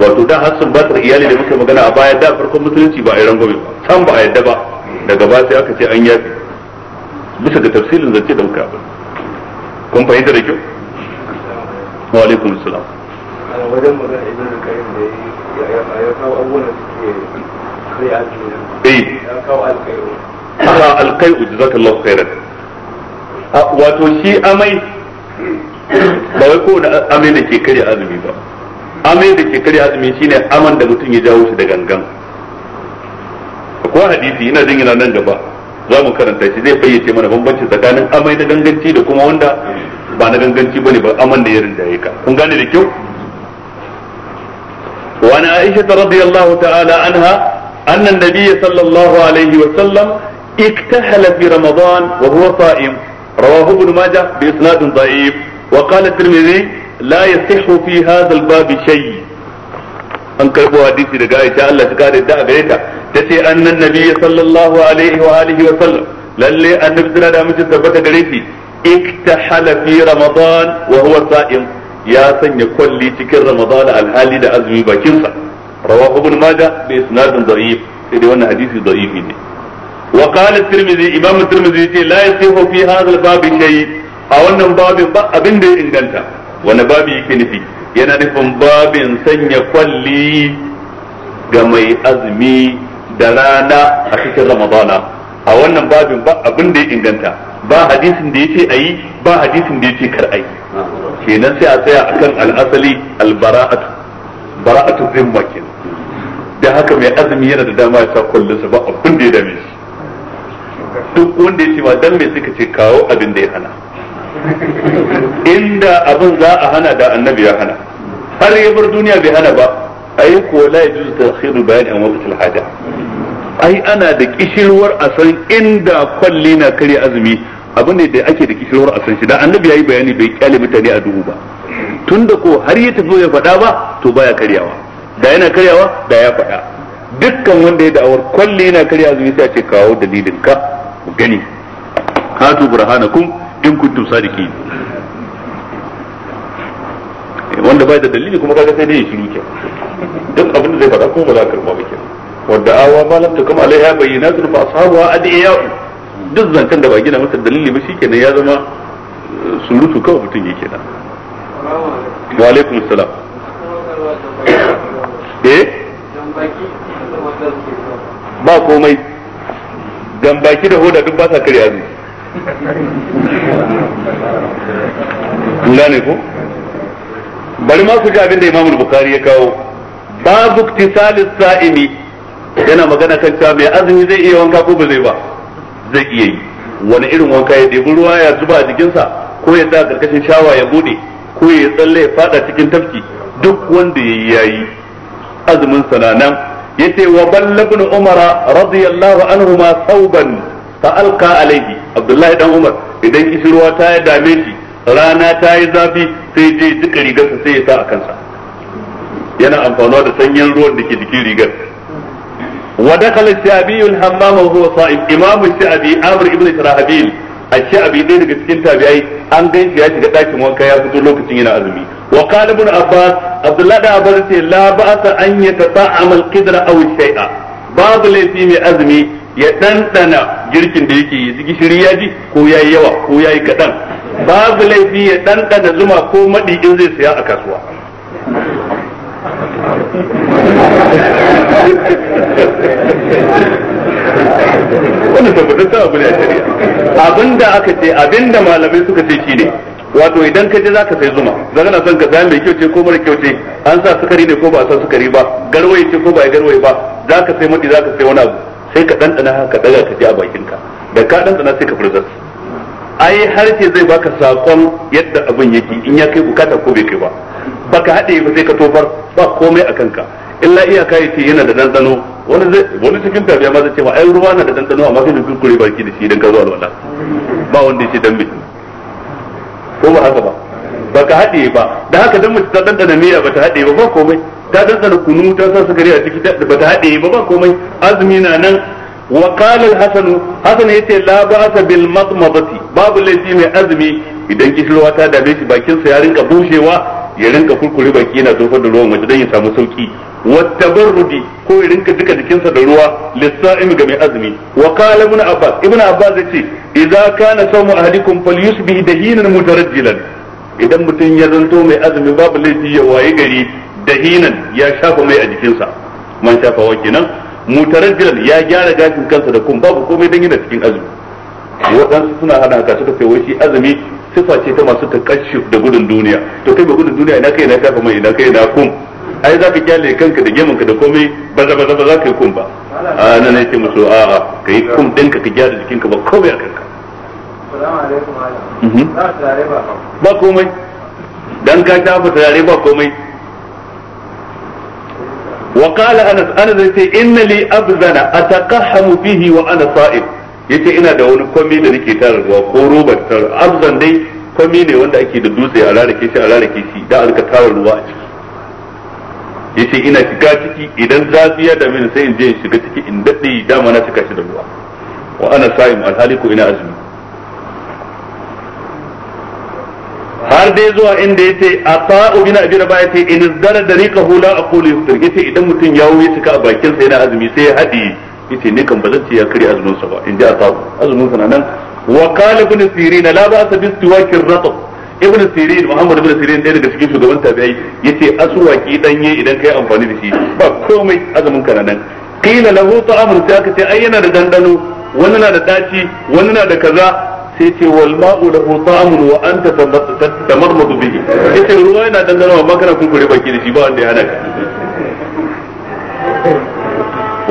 wato da har sumbatar iyali da muka magana a baya da farkon musulunci ba a yi rangwame ba san ba a yadda ba daga ba sai aka ce an yafi bisa ga tafsirin zance da muka abin kun fahimta da kyau wa alaikum salam a wajen magana idan da kayan da ya kawo abubuwan da suke kare alƙai'u eh. ya kawo alƙai'u aka alkai ujizaka Allah khairan wato shi amai ba wai kowane amai da ke karya azumi ba amai da ke karya azumi shine aman da mutum ya jawo shi da gangan akwai hadisi ina jin yana nan gaba za mu karanta shi zai fayyace mana bambanci tsakanin amai da ganganci da kuma wanda ba na ganganci bane ba aman da ya rinjaye ka kun gane da kyau وعن عائشة رضي الله تعالى عنها أن النبي صلى الله عليه وسلم اكتحل في رمضان وهو صائم رواه ابن ماجه بإسناد ضعيف وقال الترمذي لا يصح في هذا الباب شيء an karbo hadisi daga Aisha Allah ta kare da gare ta tace annan nabiyyi sallallahu alaihi wa alihi wa sallam lalle annabi tsira da miji tabbata gare shi iktahala fi ramadan wa huwa sa'im ya sanya kwalli cikin ramadan alhali da azumi bakin sa rawahu ibn majah bi isnadin da'if sai dai wannan hadisi da'ifi ne wa qala at-tirmidhi imam at-tirmidhi ce la yasihu fi hadha al-bab shay'in a wannan babin ba abin da ya inganta wani babi yake nufi yana nufin babin sanya kwalli ga mai azumi da rana a cikin ramadana a wannan babin ba abin da ya inganta ba hadisin da a ayi ba hadisin da yace kar ayi kenan sai a tsaya akan al'asali albara'atu bara'atu zimma kenan da haka mai azumi yana da dama ya sa kullunsa ba abin da ya dame shi duk wanda ya ce ma dan me suka ce kawo abin da ya hana inda abin za a hana da annabi ya hana har ya bar duniya bai hana ba yi ko la yajuz ta'khiru bayan an waqtil haja ai ana da kishirwar a san inda kwalli na kare azumi abin ne da ake da kishirwar a san shi da annabi yayi bayani bai kyale mutane a duhu ba tunda ko har ya tafi ya faɗa ba to baya karyawa da yana karyawa da ya faɗa dukkan wanda ya da'awar kwalli na karya azumi sai a ce kawo dalilin ka gani hatu burhanakum in kuntum sadiqin wanda bai da dalili kuma kaga sai dai ya shiru ke duk abin da zai fara ko ba za karba ba ke wanda awa ma lam takum alaiha bayyinatun fa ashabuha adiya duk zantan da ba gina masa dalili ba shikenan ya zama eh, surutu kawai mutum yake da wa alaikum salam eh ba komai baki da hoda duk ba sa karya azumi gane ko bari ma su ji abin da imamu bukari ya kawo babu tisalis sa'imi yana magana kan cewa mai azumi zai iya wanka ko ba zai ba zai iya yi wani irin wanka ya debi ruwa ya zuba a jikinsa ko ya sa karkashin shawa ya bude ko ya tsalle ya fada cikin tafki duk wanda ya yi yayi azumin sana nan yace wa ballabnu umara radiyallahu anhu ma sauban fa alqa alayhi abdullahi dan umar idan kishirwa ta yi dame shi rana ta yi zafi sai je duka rigarsa sai ya sa a kansa yana amfanuwa da sanyin ruwan da ke jikin rigar wa dakhala shabi al-hammam wa huwa sa'im imam shabi amr ibn tarahabil a shabi dai daga cikin tabi'ai an gaishe ya shiga dakin wanka ya fito lokacin yana azumi wa qala ibn abbas abdullah da abbas ce la ba'sa an yatata'am al-qidra aw shay'a babu laifi mai azumi ya ɗanɗana girkin da yake yi gishiri ya ji ko ya yi yawa ko ya yi kaɗan babu laifi ya ɗanɗana zuma ko maɗi in zai saya a kasuwa wani tabbatar ta abu ne a abin abinda aka ce abinda malamai suka ce shi ne wato idan ka je za ka sai zuma za na son ka saya mai kyau ce ko mara kyau ce an sa sukari ne ko ba a sa sukari ba garwaye ce ko ba a garwaye ba za ka sai maɗi za ka sai wani abu sai ka ɗanɗana ka daga ka ji a bakinka da ka ɗanɗana sai ka furzar ai harshe zai baka sakon yadda abin yake in ya kai bukata ko bai kai ba baka haɗe ba sai ka tofar ba komai a kanka illa iyaka yace yana da dandano wani zai wani cikin tabiya ma zai ce ma ai ruwa na da dandano amma sai ka kurkure baki da shi idan ka zo alwala ba wanda yake dan me ko ba haka ba ba ka haɗe ba da haka dan mace ta dandana miya ba ta haɗe ba ba komai ta dandana kunu ta sa sukari a ciki ba ta haɗe ba ba komai azumi na nan wa qala al-hasan hasan yace la ba'sa bil babu laifi mai azumi idan kishirwa ta dame shi bakin sa ya rinka bushewa ya rinka kurkure baki yana tofar da ruwan waje dan ya samu sauki والتبرد ko ya rinka duka jikinsa da ruwa lissa'im ga mai azumi wa qala ibn abbas ibn abbas yace idza kana sawmu ahadikum falyusbih dahinan mutarajjilan idan mutum ya zanto mai azumi babu laifi ya waye gari dahinan ya shafa mai a jikinsa man shafa wa kenan mutarajjilan ya gyara gashin kansa da kun babu komai dan yana cikin azumi waɗansu suna hana haka suka kai wai shi azumi sifa ce ta masu takashi da gudun duniya to kai ba gudun duniya ina kai na shafa mai ina kai na kun ai za ka kyale kanka da gemanka da komai baza baza ba za ka yi kun ba a nan ne ke musu a'a ka yi kun ɗinka ka gyara jikinka ba komai a kanka Mhm. ba komai dan ka ba tare ba komai wa qala anas anas yace inna li abzana ataqahhamu fihi wa ana sa'ib yace ina da wani komai da nake tara ko robar tara abzan dai komai ne wanda ake da dutse a rarake shi a rarake shi da alka tara ruwa a ciki yace ina shiga ciki idan zafi ya dame ni sai in je in shiga ciki in dade dama na cika shi da ruwa wa ana sa'im alhali ko ina azmi har dai zuwa inda yace a ata'u bin abi raba'a yace in izdara dariqahu la aqulu yuftir yace idan mutum ya wuce ka a bakin sa yana azumi sai ya hadi yace ni kan bazan ce ya kare azumin sa ba in ji sa'u azumin sa nan wa qala ibn sirin la ba'sa bi istiwakir rat ibn sirin muhammad ibn sirin ɗaya daga cikin shugaban tabi'ai yace aswaki danye idan kai amfani da shi ba komai azumin ka nan qila lahu ta'amun sai aka ce ai da dandano wani na da daci wani na da kaza sai ce wal ma'u lahu wa anta tamarmadu bihi yace ruwa yana dangana amma kana kurkure baki da shi ba wanda ya hana ka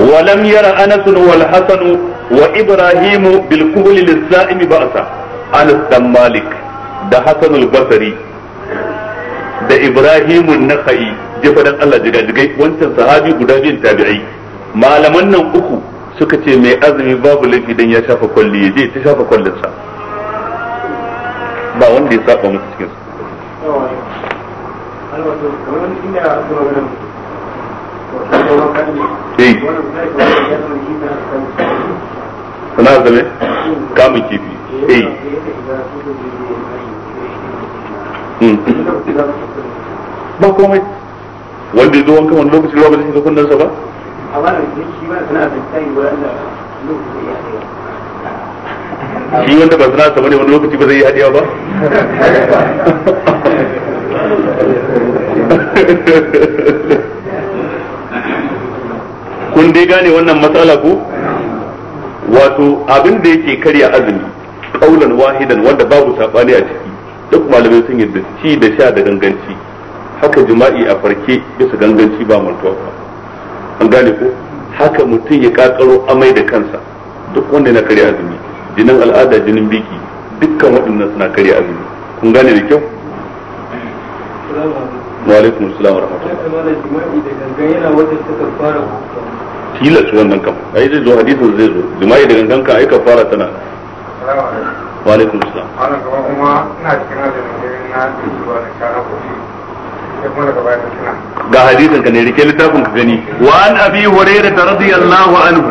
ولم ير أنس والحسن وإبراهيم بالكهل للزائم بأسا أنس بن مالك ده حسن البصري ده إبراهيم النخعي جفدان الله جدا wancan sahabi guda قدابين تابعي ما nan uku suka ce mai azumi babu laifi dan ya shafa kwalli je ta shafa sa. ba wanda ya saba musu cikin su zame eh. kamun kifi eh. hmm. ba komai wanda ya zo wanka wani lokaci ruwa ba zai shiga sa ba a ba da shi ba suna da tsayi wanda lokaci ya shi wanda ba sana'a samane wani lokaci ba zai yi hadiya ba kun dai gane wannan matsala ko wato abin da yake karya azumi kaulan wahidan wanda babu sabani a ciki duk malamai sun yi ci da sha da ganganci haka jima'i a farke bisa ganganci ba mantuwa ba an gane ko haka mutum ya kakaro amai da kansa duk wanda yana karya azumi jinin al'ada jinin biki dukkan waɗannan suna karya azumi kun gane da kyau wa alaikum assalam wa rahmatullahi tilas wannan kam ai zai zo hadisin zai zo jima'i da gangan kan ai fara tana wa alaikum assalam ana gaba kuma ina cikin azumin na zuwa da shara kofi ga hadisin ka ne rike littafin ka gani wa an abi hurairah radiyallahu anhu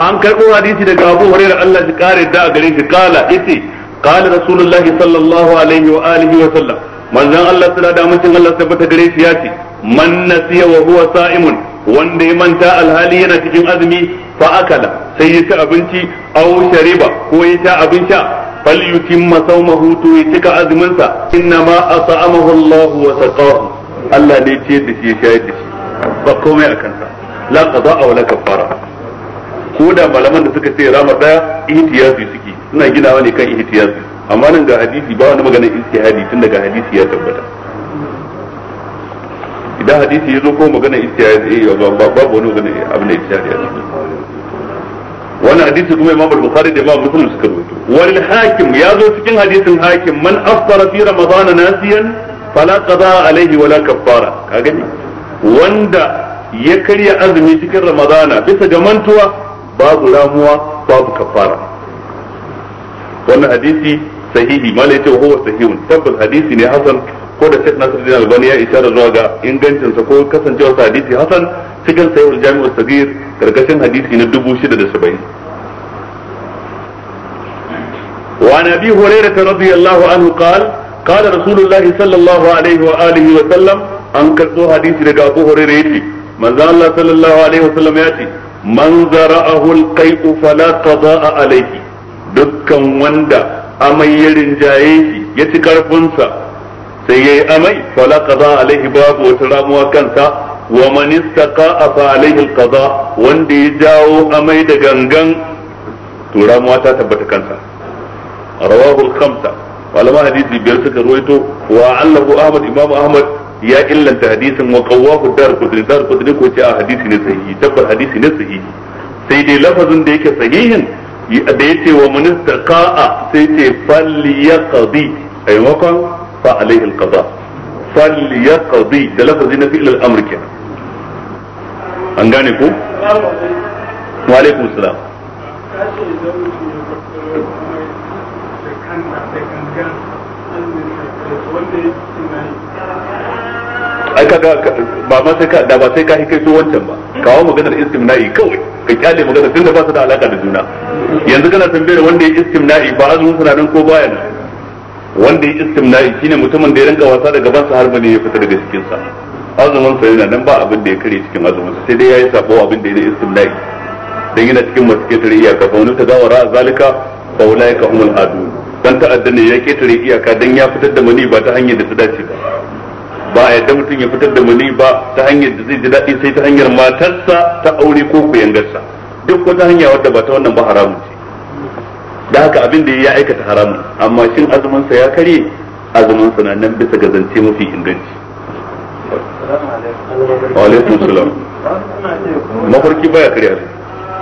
an karɓo hadisi daga Abu Hurairah Allah ya kare da a gare shi kala yace kala Rasulullahi sallallahu alaihi wa alihi wa sallam manzon Allah sallallahu alaihi wa sallam Allah tabbata gare shi ya yace man nasiya wa huwa sa'imun wanda ya manta alhali yana cikin azumi fa akala sai ya ci abinci aw shariba ko ya sha abin sha fal falyutimma sawmahu to ya cika azumin sa innama asamahu Allah wa saqahu Allah ne ya ciyar da shi ya shayar da shi ba komai akan sa la qada'a wa la kafara ko da malaman da suka ce rama daya ihtiyasi suke suna ginawa ne kan ihtiyasi amma nan ga hadisi ba wani maganar ijtihadi tun daga hadisi ya tabbata idan hadisi ya zo ko maganar ijtihadi eh, babu wani maganar abin da ijtihadi ya cikin wannan hadisi kuma Imam Bukhari da Imam Muslim suka rawaito wal hakim ya zo cikin hadisin hakim man afsara fi ramadana nasiyan fala qada alaihi wala kaffara ka gani wanda ya karya azumi cikin ramadana bisa ga mantuwa babu ramuwa babu kafara wannan hadisi sahihi malai ce huwa sahihun tabbas hadisi ne hasan ko da Sheikh Nasiruddin Albani ya da zuwa ga ingancin sa ko kasancewar hadisi hasan cikin sahihul jami'u sagir gargashin hadisi na 670 وعن ابي هريره رضي الله عنه قال قال رسول الله صلى الله عليه واله وسلم an karɓo hadisi daga abu hurairah yace manzo Allah sallallahu alaihi wasallam ya ce man zara'ahu alqai'u fala qada'a alayhi dukkan wanda amai ya rinjaye shi ya ci karfinsa sai yayi amai fala qada'a alayhi babu wata ramuwa kansa wa man istaqa'a fa alayhi alqada wanda ya jawo amai da gangan to ramuwa ta tabbata kansa rawahu al-khamsa malama hadisi biyar suka ruwaito wa allahu ahmad imam ahmad ya illanta hadisin wa qawwahu dar qudri dar qudri ko ce a hadisi ne sahihi tabbar hadisi ne sahihi sai dai lafazin da yake sahihin da yace wa minista istaqa'a sai ce falyaqdi ay waqan fa alayhi alqada falyaqdi da lafazin na fi'il al-amr kenan an gane ku. wa alaikum salam wanda ai kaga ba ma sai ka da ba sai ka hikaito wancan ba kawo maganar istimna'i kawai ka kyale maganar tunda ba su da alaka da juna yanzu kana tambayar wanda ya istimna'i ba azumin suna nan ko bayan wanda ya istimna'i shine mutumin da ya rinka wasa da gaban sa har bane ya fita daga cikin sa azumin sa yana nan ba abin da ya kare cikin azumin sa sai dai yayi sabo abin da ya istimna'i dan yana cikin masu ketare iyaka fa wani gawara zalika fa ulaika humul adu dan ta'adda ne ya ketare iyaka dan ya fitar da mani ba ta hanyar da ta dace ba ba a yadda mutum ya fitar da mani ba ta hanyar da zai ji daɗi sai ta hanyar matarsa ta aure ko kuyangarsa duk wata hanya wadda ba ta wannan ba haramun ce da haka abin da ya aikata haramun amma shin azumin ya karye azumin na nan bisa ga zance mafi inganci alaikum salam mafarki baya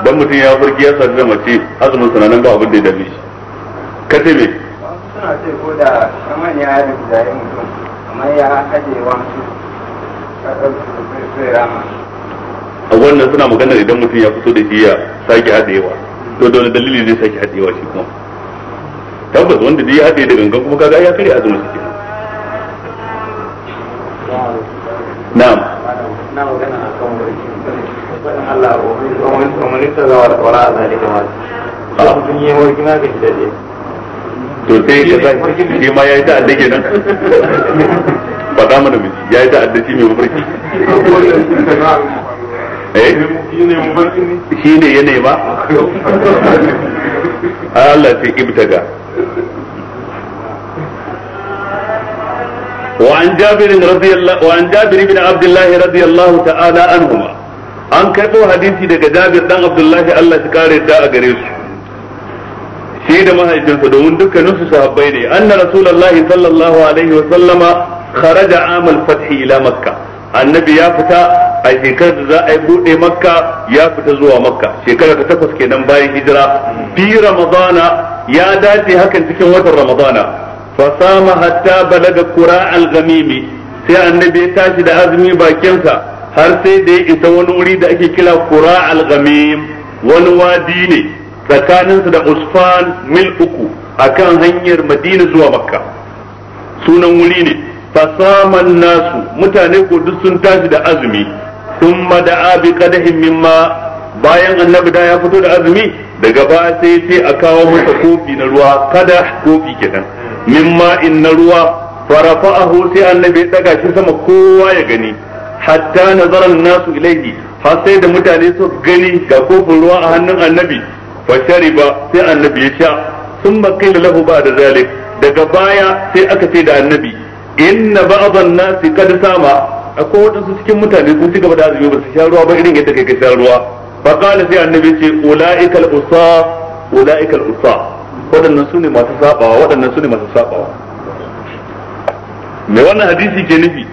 dan mutum ya farki ya sadu da mace azumin sa na nan ba abin da ya dame shi kace me suna ce ko da kamar ya yi da mutum kamar ya sai rama a wannan suna maganar idan mutum ya fito da shi ya sake haɗewa to da wani dalili zai sake haɗewa shi kuma tabbas wanda zai haɗe da gangan kuma kaga ya kare azumin shi kenan na'am na magana Allah wani wala azali kamar mutum da to sai ka sa shi ma yayi ta addake nan ba da mana ya yi ta addaci mai mafarki eh shi ne ya nema Allah sai ibtaga وعن جابر رضي الله وعن جابر بن عبد الله رضي الله تعالى عنهما an karɓo hadisi daga Jabir dan Abdullahi Allah shi kare da a gare su fiye da mahaifinsa domin dukkanin su sahabbai ne anna rasulullahi sallallahu alaihi wa sallama kharaja amal fath ila makka annabi ya fita a shekarar da za a yi bude makka ya fita zuwa makka shekara ta takwas kenan bayan hijira bi ramadana ya dace hakan cikin watan ramadana fa sama hatta balaga qura al-ghamimi sai annabi ya tashi da azumi bakinsa har sai da ya isa wani wuri da ake kira qura al-ghamim wani wadi ne tsakaninsu da usfan mil uku a kan hanyar madina zuwa makka sunan wuri ne fasaman nasu mutane ko duk sun tashi da azumi sun da abi kadahin mimma bayan annabi da ya fito da azumi daga ba sai sai a kawo masa kofi na ruwa kada kofi kenan mimma in na ruwa farafa'ahu sai annabi ya daga shi sama kowa ya gani hatta nazaran nasu ilaihi har sai da mutane su gani ga kofin ruwa a hannun annabi fa shariba sai annabi ya sha thumma qila lahu da zalik daga baya sai aka ce da annabi inna ba'dhan nasi qad sama akwai wadansu cikin mutane sun cigaba da azumi ba su sha ruwa ba irin yadda kai ka sha ruwa fa qala sai annabi ce ulaika usa ulaika usa wadannan sune masu sabawa waɗannan su ne masu sabawa me wannan hadisi ke nufi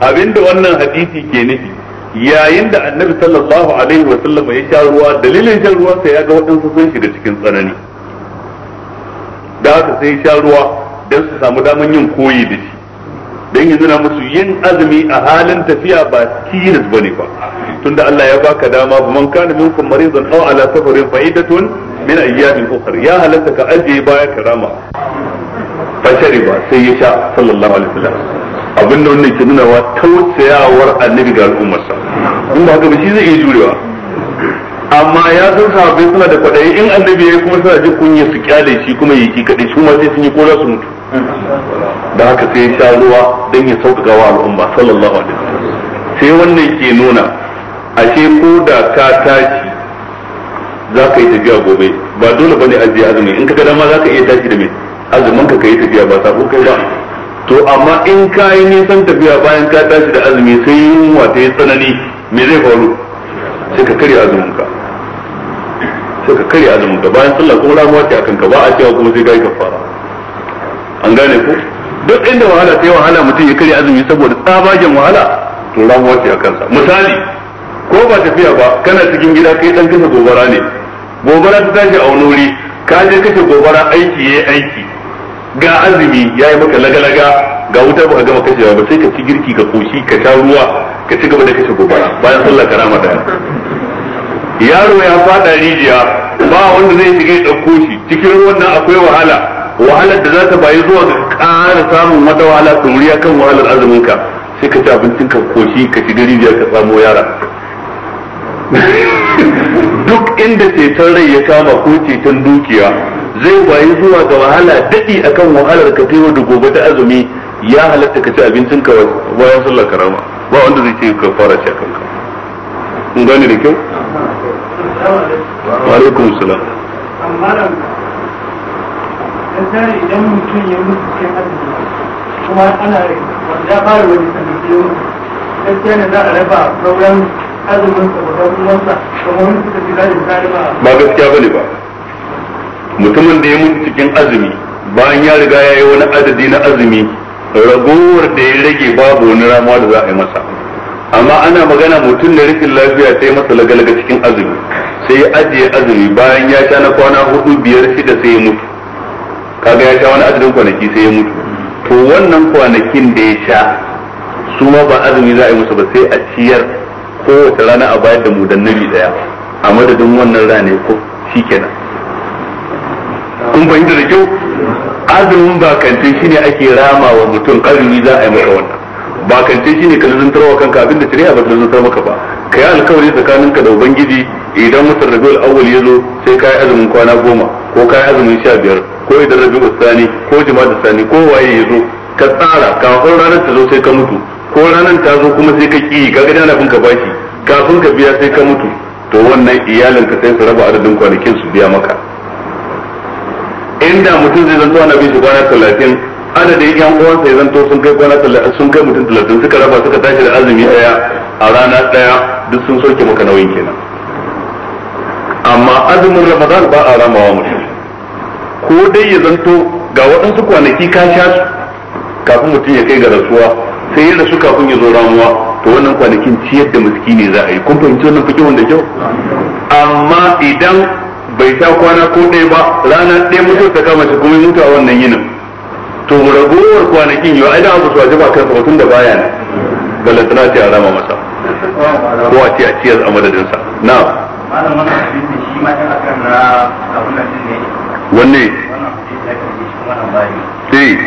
abinda wannan hadisi ke nufi yayin da annabi sallallahu alaihi wa sallam ya sha ruwa dalilin shan ruwa sai ya ga waɗansu sun shiga cikin tsanani da haka sai sha ruwa don su samu daman yin koyi da shi don yanzu na musu yin azumi a halin tafiya ba tilas ne ba tunda Allah ya baka dama ba man kana minkum maridun aw ala safarin fa'idatun min ayyamin ukhra ya halatta ka ajiye baya karama fa shariba sai ya sha sallallahu alaihi wa sallam. abinda wannan ke nuna wa tausayawar annabi ga al'ummarsa in ba haka ba shi zai iya jurewa amma ya san sahabbai suna da kwaɗayi in annabi ya kuma suna jin kunya su kyale shi kuma ya yi kaɗai su ma sai sun yi ko za su mutu da haka sai ya sha ruwa don ya sauƙaƙa wa al'umma sallallahu alaihi wasallam sai wannan ke nuna ashe ko da ka tashi za ka yi tafiya gobe ba dole ba ne ajiye azumi in ka ga dama za ka iya tashi da mai azumin ka ka yi tafiya ba sabo kai ba to amma in ka yi nisan tafiya bayan ka tashi da azumi sai yi yunwa ta yi tsanani me zai faru sai ka karya azumin ka sai ka karya azumin ka bayan sallah kuma ramuwa ce akan ka ba a cewa kuma sai ka yi kafara an gane ku. duk inda wahala sai wahala mutum ya karya azumi saboda tsabagen wahala to ramuwa ce akan sa misali ko ba tafiya ba kana cikin gida kai dan kasa gobara ne gobara ta tashi a wani wuri ka je kashe gobara aiki yayi aiki ga azumi ya yi maka lagalaga ga wuta ba a gama kashewa ba sai ka ci girki ka koshi ka sha ruwa ka ci gaba da kashe gobara bayan sallah karama da yaro ya fada rijiya ba wanda zai shiga ya dauko shi cikin ruwan nan akwai wahala wahalar da za ta bayi zuwa ga ƙara samun wata wahala wuri kan wahalar azumin ka sai ka ci abincin ka koshi ka shiga rijiya ka samo yara duk inda ceton rai ya kama ko ceton dukiya zai wayi zuwa ga wahala daɗi akan wahalar ka taiwa da gobe ta azumi ya halatta ka ci abincin ka bayan sallar karama ba wanda zai ce ka fara ci akan ka kun gane da kyau wa alaikum salam amma da idan mutum ya mutu cikin azumi kuma ana wanda ba wani sanin ba ne za a raba sauran azumin sa da kuma wanda suka ji ba gaskiya ba ba mutumin da ya mutu cikin azumi bayan ya riga ya yi wani adadi na azumi ragowar da ya rage babu wani ramuwa da za a yi masa amma ana magana mutum da rikin lafiya sai masa lagalaga cikin azumi sai ya ajiye azumi bayan ya sha na kwana hudu biyar shida sai ya mutu kaga ya sha wani adadin kwanaki sai ya mutu to wannan kwanakin da ya sha su ma ba azumi za a yi musu ba sai a ciyar kowace rana a bayar da mudannabi daya a madadin wannan rane ko shikenan kun fahimta da kyau azumin bakance shine ake rama wa mutum azumi za a yi maka wannan bakance shine ka lizantar wa kanka abinda tare ba ta maka ba Ka yi alkawari ka da ubangiji idan mutum rabiul awwal ya zo sai ka yi azumin kwana goma ko ka yi azumin sha biyar ko idan rabiul sani ko jima'a sani ko waye ya zo ka tsara kafin ranar ta zo sai ka mutu ko ranar ta zo kuma sai ka ki kaga dana bin ka bashi kafin ka biya sai ka mutu to wannan iyalinka sai su raba adadin kwanakin su biya maka inda mutum zai zanto ana bin shi kwana talatin adadin yan uwansa ya zanto sun kai kwana talatin sun kai mutum talatin suka raba suka tashi da azumi daya a rana daya duk sun soke maka nauyin kenan amma azumin ramadan ba a ramawa mutum ko dai ya zanto ga waɗansu kwanaki ka sha su kafin mutum ya kai ga rasuwa sai ya rasu kafin ya zo ramuwa to wannan kwanakin ciyar da miskini za a yi kun fahimci wannan fikin wanda kyau amma idan bai sha kwana ko ɗaya ba rana ɗaya mutu ta kama shi kuma mutu a wannan yinin to ragowar kwanakin yau ai da abu su wajiba kan tun da baya ne balantana ce a rama masa ko a ce a ciyar a madadinsa na wanne sai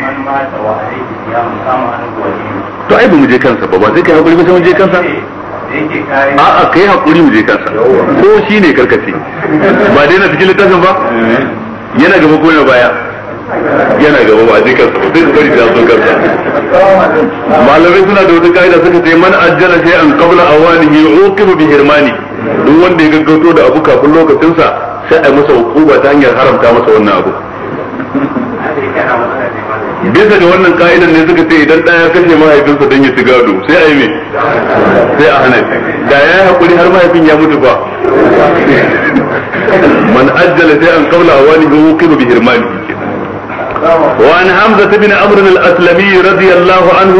to ai ba mu je kansa ba ba sai kai hakuri ba sai mu je kansa eh. a'a kai hakuri mu je kansa ko shi ne karkace ba dai na cikin littafin ba yana gaba ko yana baya yana gaba ba je kansa sai su bari da su kansa malamai suna da wata ka'ida suka ce man ajjala an qabla awanihi uqiba bi hirmani duk wanda ya gaggauto da abu kafin lokacinsa sai a masa hukuma ta hanyar haramta masa wannan abu bisa ga wannan ka'idan ne suka ce idan ɗaya kashe mahaifinsa don ya ci gado sai a yi me sai a hana da ya yi haƙuri har mahaifin ya mutu ba man ajjala sai an kaula a wani gawo kai bi hirmani وعن حمزة بن عمرو الأسلمي رضي الله عنه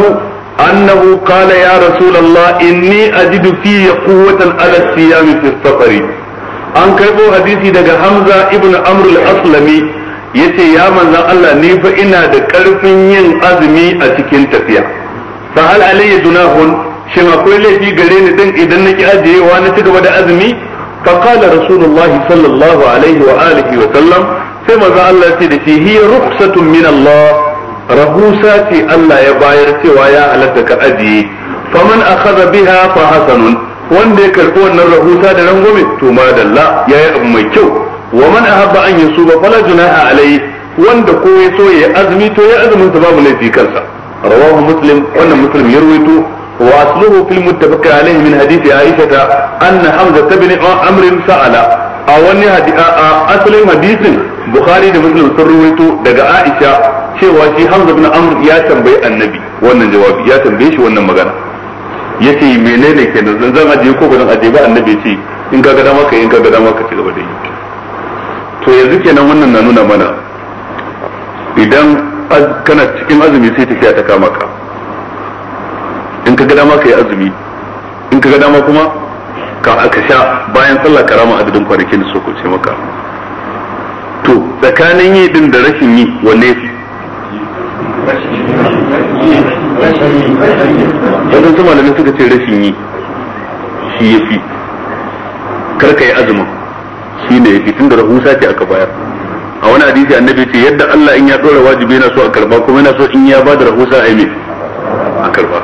أنه قال يا رسول الله إني أجد في قوة على الصيام في السفر أن كيبو حديثي دقى حمزة ابن عمرو الأسلمي yace ya manzan Allah ni fa ina da karfin yin azumi a cikin tafiya fa hal alayya dunahun shin akwai laifi gare ni din idan ki ajiyewa na ci gaba da azumi fa qala rasulullahi sallallahu alaihi wa alihi wa sallam sai manzan Allah ya ce da shi hiya rukhsatun min Allah rahusa ce Allah ya bayar cewa ya halatta ka ajiye faman akhadha biha fa hasanun wanda ya karbi wannan rahusa da rangwame to madalla yayi abu mai kyau wa man ahabba an yasuba fala junaha alayhi wanda ko ya so ya azumi to ya azumin sa babu laifi kansa rawahu muslim wannan muslim ya ruwaito wa asluhu fil muttafaq alayhi min hadisi aisha anna hamza ibn amr sa'ala a wani asalin hadisin bukhari da muslim sun ruwaito daga aisha cewa shi hamza ibn amr ya tambayi annabi wannan jawabi ya tambaye shi wannan magana yace menene kenan zan aje ko ba zan aje ba annabi ce in ka ga dama ka in ka ga dama ka ci gaba da yi to yanzu kenan wannan na nuna mana idan kana cikin azumi sai tafiya ta kama ka in ka ga dama ka yi azumi in ka ga dama kuma ka aka sha bayan sallah karama rama adadin kwanakin da soko ce maka to tsakanin yi din da rashin yi wanne wajen su malamai suka ce rashin yi shi ya fi karka yi azumin yake tun da rahusa ce aka bayar a wani hadisi annabi ce yadda Allah in ya dora wajibi yana so a karba kuma yana so in ya ba da rahusa a yi a karba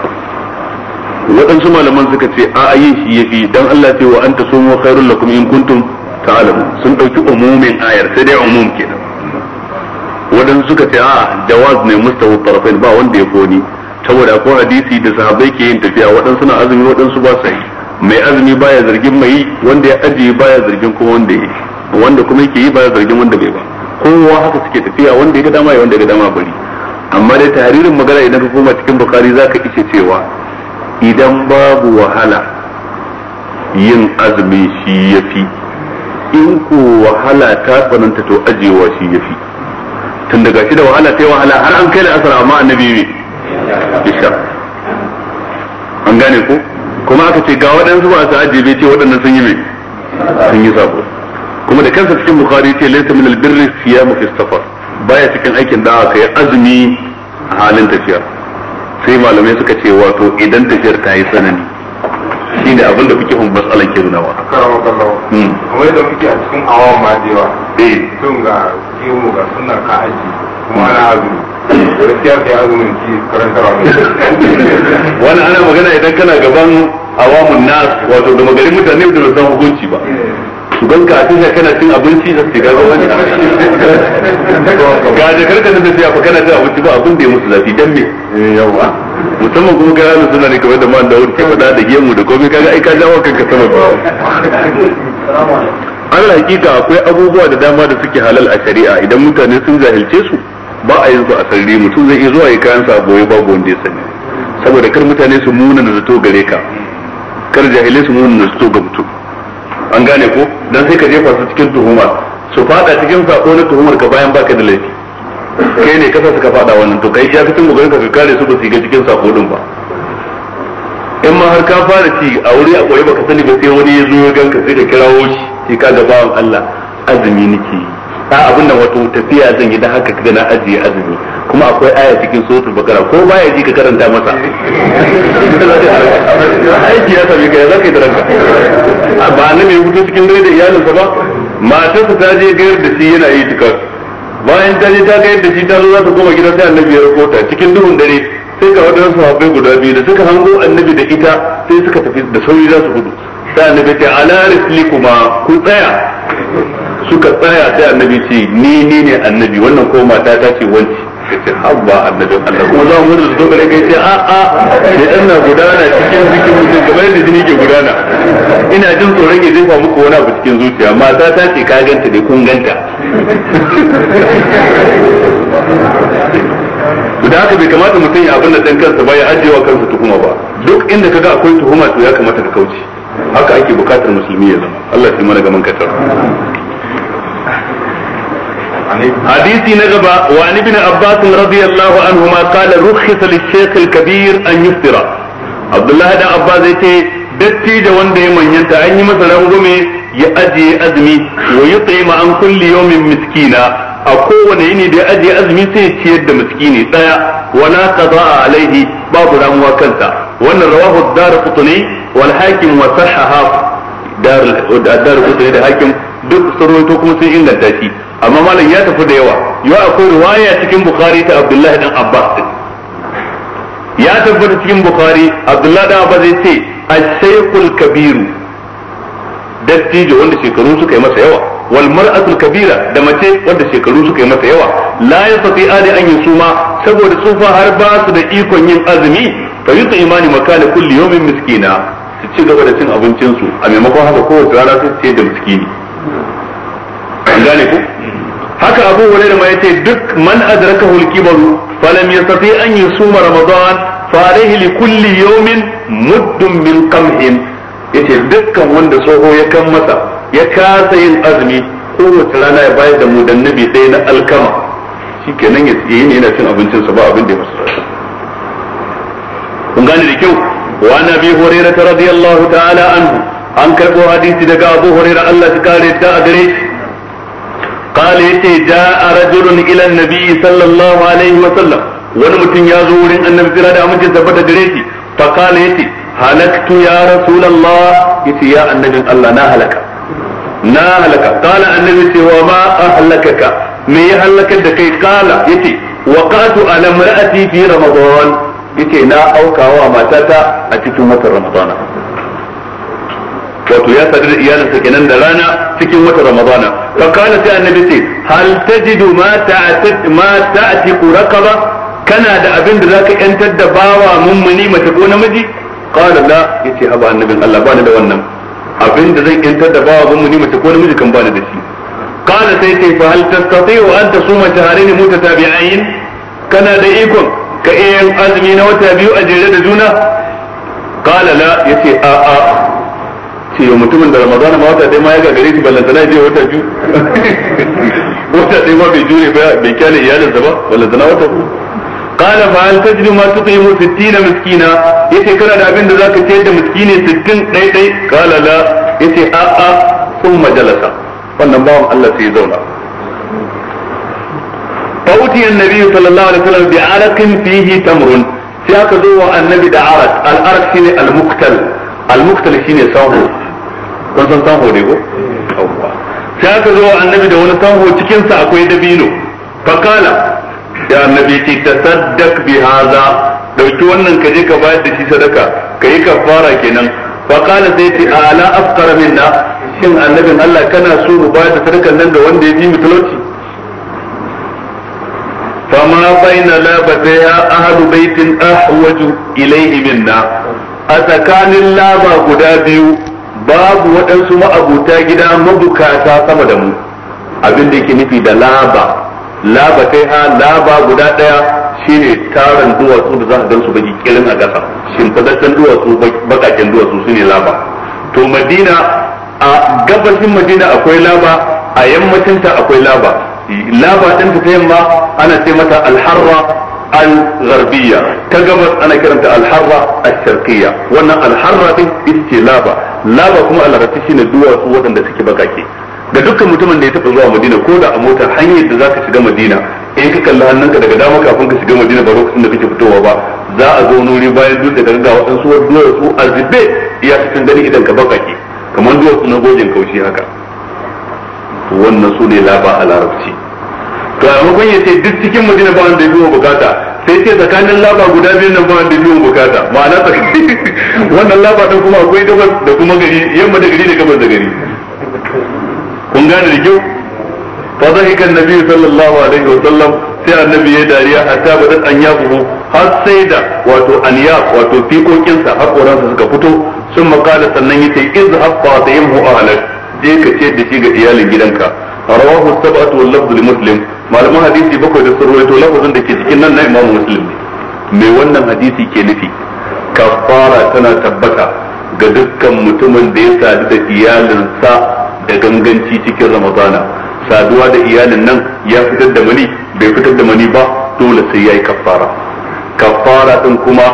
waɗansu malaman suka ce a yin shi yafi dan Allah ce wa anta mu khairul lakum in kuntum ta'lamun sun dauki umumin ayar sai dai umum kenan waɗansu suka ce a jawaz ne mustawu tarafin ba wanda ya koni saboda ko hadisi da sahabbai ke yin tafiya waɗansu na azumi waɗansu ba sa yi mai azumi baya zargin mai yi wanda ya ajiye baya zargin kuma wanda ya yi wanda kuma yake yi baya zargin wanda bai ba kowa haka suke tafiya wanda ya ga dama ya wanda ya ga dama bari amma dai taririn magana idan ka koma cikin bukari ka ice cewa idan babu wahala yin azumi shi ya fi in ko wahala ta tsananta to ajewa shi ya fi tun daga shi da wahala ta yi wahala har an kai da asar amma annabi ne isha an gane ko kuma aka ce ga waɗansu ba su ajiye bai ce waɗannan sun yi mai sun yi sabo kuma da kansa cikin bukhari ce laisa min albirri siyamu fi safar baya cikin aikin da aka yi azumi a halin tafiya sai malamai suka ce wato idan tafiyar ta yi tsanani shi ne abinda kuke hun matsalan ke nunawa Kuma hmm. yadda kuke a cikin awon ma da yawa eh. tun ga kiwo ga suna ka aji kuma azumi gaskiya sai azumin ci karanta wani ana magana idan kana gaban awamun nas wato da magari mutane da ba san hukunci ba su ka a tasha kana cin abinci da su gaza wani ga da karka da tafiya fa kana cin abinci ba abin da ya musu zafi dan me eh, yawa musamman kuma ga yalu suna ne kamar da man dawud ke faɗa da gemu da komai kaga ai ka jawo kanka sama ba Allah hakika akwai abubuwa da dama da suke halal a shari'a idan mutane sun jahilce su ba a yin su a sarri mutum zai iya zuwa ya kayan sa boye babu wanda sani saboda kar mutane su muna na zato gare ka kar jahilai su muna na zato ga mutum an gane ko dan sai ka jefa su cikin tuhuma su fada cikin sako na tuhumar ka bayan baka da laifi kai ne kasa suka fada wannan to kai ya fitin gogarin ka ka kare su ba su ga cikin sako din ba in ma har ka fara ci a wuri a koyi baka sani ba sai wani ya zo ya ganka sai ka kirawo shi sai ka ga bawan Allah azumi nake yi a abin da wato tafiya zan yi dan haka ga na ajiye azumi kuma akwai aya cikin suratul bakara ko baya ji ka karanta masa aiki ya sami kai zaka yi da ranka ba annabi ya fito cikin dare da sa ba matarsa ta je gayar da shi yana yi tikar bayan ta je ta gayar da shi ta zo za ta koma gida sai annabi ya rubuta cikin duhun dare sai ga wadansu sahabbai guda biyu da suka hango annabi da ita sai suka tafi da sauri za su gudu sai annabi ya ce ala rislikuma ku tsaya suka tsaya sai annabi ce ni ni ne annabi wannan ko mata ta ce wanci kace habba annabi. Allah kuma za mu da dogare kai ce a a ne dan na gudana cikin jikin mutum kamar yadda jini ke gudana ina jin tsoron ya jefa muku wani abu cikin zuciya mata ta ce ka ganta dai kun ganta da haka bai kamata mutum ya abin da dan kansa ba ya ajiyewa kansa tuhuma ba duk inda kaga akwai tuhuma to ya kamata ka kauce haka ake bukatar musulmi ya zama Allah ya mana gaman katar hadisi na gaba wa an abbas radiyallahu anhu ma qala rukhisa lish kabir an yuftira abdullahi da abbas yace datti da wanda ya manyanta an yi masa rangume ya ajiye azumi wa yut'ima an kulli yawmin miskina a kowane yini da ya ajiye azumi sai ciyar da miskini daya wala qada'a alaihi babu ramuwa kansa wannan rawahu ad-darqutni wal hakim wa sahaha dar ad-darqutni da hakim duk sun kuma sun inganta shi amma malam ya tafi da yawa yau akwai riwaya cikin bukhari ta abdullahi dan abbas din ya tabbata cikin bukhari abdullahi dan abbas zai ce ashaykhul kabiru dattijo wanda shekaru suka yi masa yawa wal mar'atul kabira da mace wanda shekaru suka yi masa yawa la yastati ali an yusuma saboda tsufa har ba su da ikon yin azumi fa yuta imani makala kulli yawmin miskina su ci gaba da cin abincin su a maimakon haka kowace rana su ce da miskini an gane ku haka abu hurairu ma yace duk man adraka hul kibaru falam yastati an yusuma ramadan fa alayhi li kulli yawmin muddun min qamhin yace dukkan wanda soho ya kan masa ya kasa yin azumi wata rana ya bayar da mu dan nabi ɗaya na alkama shikenan ya tsiye ne yana cin abincin sa ba abin da ya masa kun gane da kyau wa nabi hurairu radiyallahu ta'ala anhu an karbo hadisi daga abu hurairu Allah ya kare ta a gare shi قال يتي جاء رجل إلى النبي صلى الله عليه وسلم ونمتن يازور أن النبي صلى الله عليه وسلم ثبت جريتي فقال يتي هلكت يا رسول الله يتي يا النبي الله نا هلك نا هلك قال النبي وما أهلكك me ya halakar da kai kala yace waqatu ala mar'ati fi ramadan yace na aukawa matata a cikin watan ramadana wato ya sadu da iyalinsa kenan da rana cikin wata ramadana fa kana sai annabi ce hal tajidu ma ta'ati ma ta'tiqu raqaba kana da abin da zaka yantar da bawa mummuni mace ko namiji qala la yace haba annabin Allah bani da wannan abin da zan yantar da bawa mummuni mace ko namiji kan bani da shi qala sai ce fa hal tastati'u an tasuma shahrayn mutatabi'ain kana da ikon ka iya azumi na wata biyu a jere da juna qala la yace a a ce mutumin da ramadan ma wata dai ma ya gagare shi ballantana je wata biyu wata dai ma bai jure ba bai kyale iyalinsa ba ballantana wata qala fa فهل تجد ma tuqimu 60 miskina yace kana da abin da zaka ciyar da miskine 60 dai dai qala la yace a a kun majalasa wannan bawan Allah sai zauna فأوتي annabi sallallahu alaihi wasallam bi بعرق fihi تمر sai aka zo wa annabi da arq al arq shine al-muktal al-muktal shine sahu kun san tanho ne ko sai aka zo annabi da wani tanho cikin sa akwai dabino fakala ya annabi ce ta saddak bi haza dauki wannan ka je ka bayar da shi sadaka ka yi kafara kenan fakala sai ce ala afkara minna shin annabin Allah kana so mu bayar da sadakan nan da wanda ya ji mu talauci فما بين لابتيها أهل بيت أحوج إليه منا a tsakanin laba guda biyu babu waɗansu ma'abuta gida mabukata sama da mu abin da yake nufi da laba laba kai ha laba guda ɗaya shine taron duwatsu da za a gansu baki kirin a ƙasa shimfadaccen duwatsu bakaken duwatsu su ne laba to madina a gabashin madina akwai laba a yammacinta akwai laba laba ɗinta ta yamma ana ce mata alharra al-gharbiyya ta gabas ana kiranta al-harra al-sharqiyya wannan al-harra din ita laba laba kuma a larabci shine duwatsu waɗanda suke bakake ga dukkan mutumin da ya taɓa zuwa madina ko da a mota hanyar da zaka shiga madina in ka kalli hannunka daga dama kafin ka shiga madina ba lokacin da kake fitowa ba za a zo nuri bayan dutse da ga waɗansu duwatsu a zube ya cikin gani idan ka bakake kamar duwatsu na gojin kaushi haka wannan su ne laba a larabci ga mukun ya ce duk cikin madina ba wanda ya biyo bukata sai ce tsakanin laba guda biyu nan ba wanda ya biyo bukata ma'ana wannan laba ta kuma akwai gabas da kuma gari yamma da gari da gabas da gari kun gane da kyau fa zahika annabi sallallahu alaihi wa sallam sai annabi ya dariya hatta bada an buhu har sai da wato an ya wato fiƙoƙinsa haƙoransa suka fito sun makala sannan yace izhab fa ta'imhu ahlak je ka ce da shi ga iyalin gidanka rawahu sab'atu wal lafzu li muslim malamin hadisi bakwai da sun to lafazin da ke cikin nan na imam muslim ne mai wannan hadisi ke nufi kafara tana tabbata ga dukkan mutumin da ya sadu da iyalinsa da ganganci cikin ramadana saduwa da iyalin nan ya fitar da mani bai fitar da mani ba dole sai ya yi kafara kafara din kuma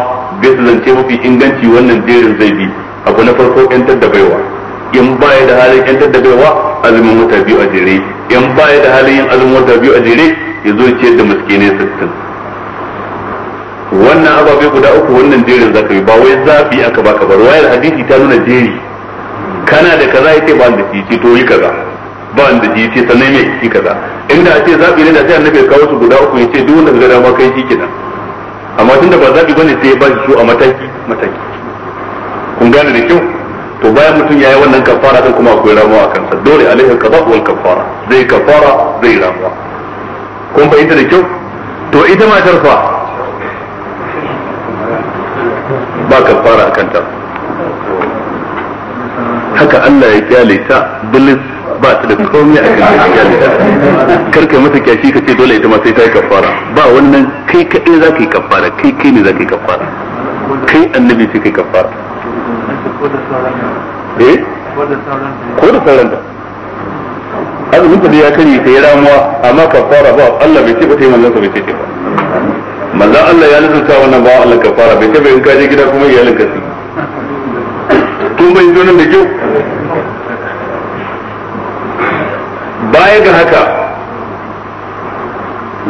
bisa zance mafi inganci wannan jerin zai bi abu na farko yantar da baiwa in ba ya da halin yan da azumin wata biyu a jere in ba ya da halin yin azumin wata biyu a jere ya zo ce da ne sittin wannan ababe guda uku wannan jerin zaka yi ba wai zafi aka baka ba ruwayar hadisi ta nuna jeri kana da kaza yace ba da shi to yi kaza ba da shi ce sannan me yi kaza inda a ce zabi ne da sai annabi ya kawo su guda uku yace duk wanda ka dama kai shi kenan amma tunda ba zafi bane sai ya ba shi su a mataki mataki kun gane da kyau to bayan mutum ya yi wannan kafara din kuma akwai ramuwa a kansa dole alaihi kaza wal kafara zai kafara zai ramuwa kun fahimta da kyau to ita ma tarfa ba kafara a kanta haka Allah ya kyale ta bilis ba ta da komai a kan ya kyale ta karka mata kyashi ka ce dole ita ma sai ta yi kafara ba wannan kai kaɗai za ka yi kafara kai kai ne za ka yi kafara kai annabi sai ka yi kafara eh ko da sauran da azumin ta ya kare ta yi ramuwa amma kafara ba Allah bai ce ba ta yi manzon sa bai ce ba manzon Allah ya ta wannan ba Allah kafara bai ce ba in ka je gida kuma iyalin ka tun bai zo nan da kyau baya ga haka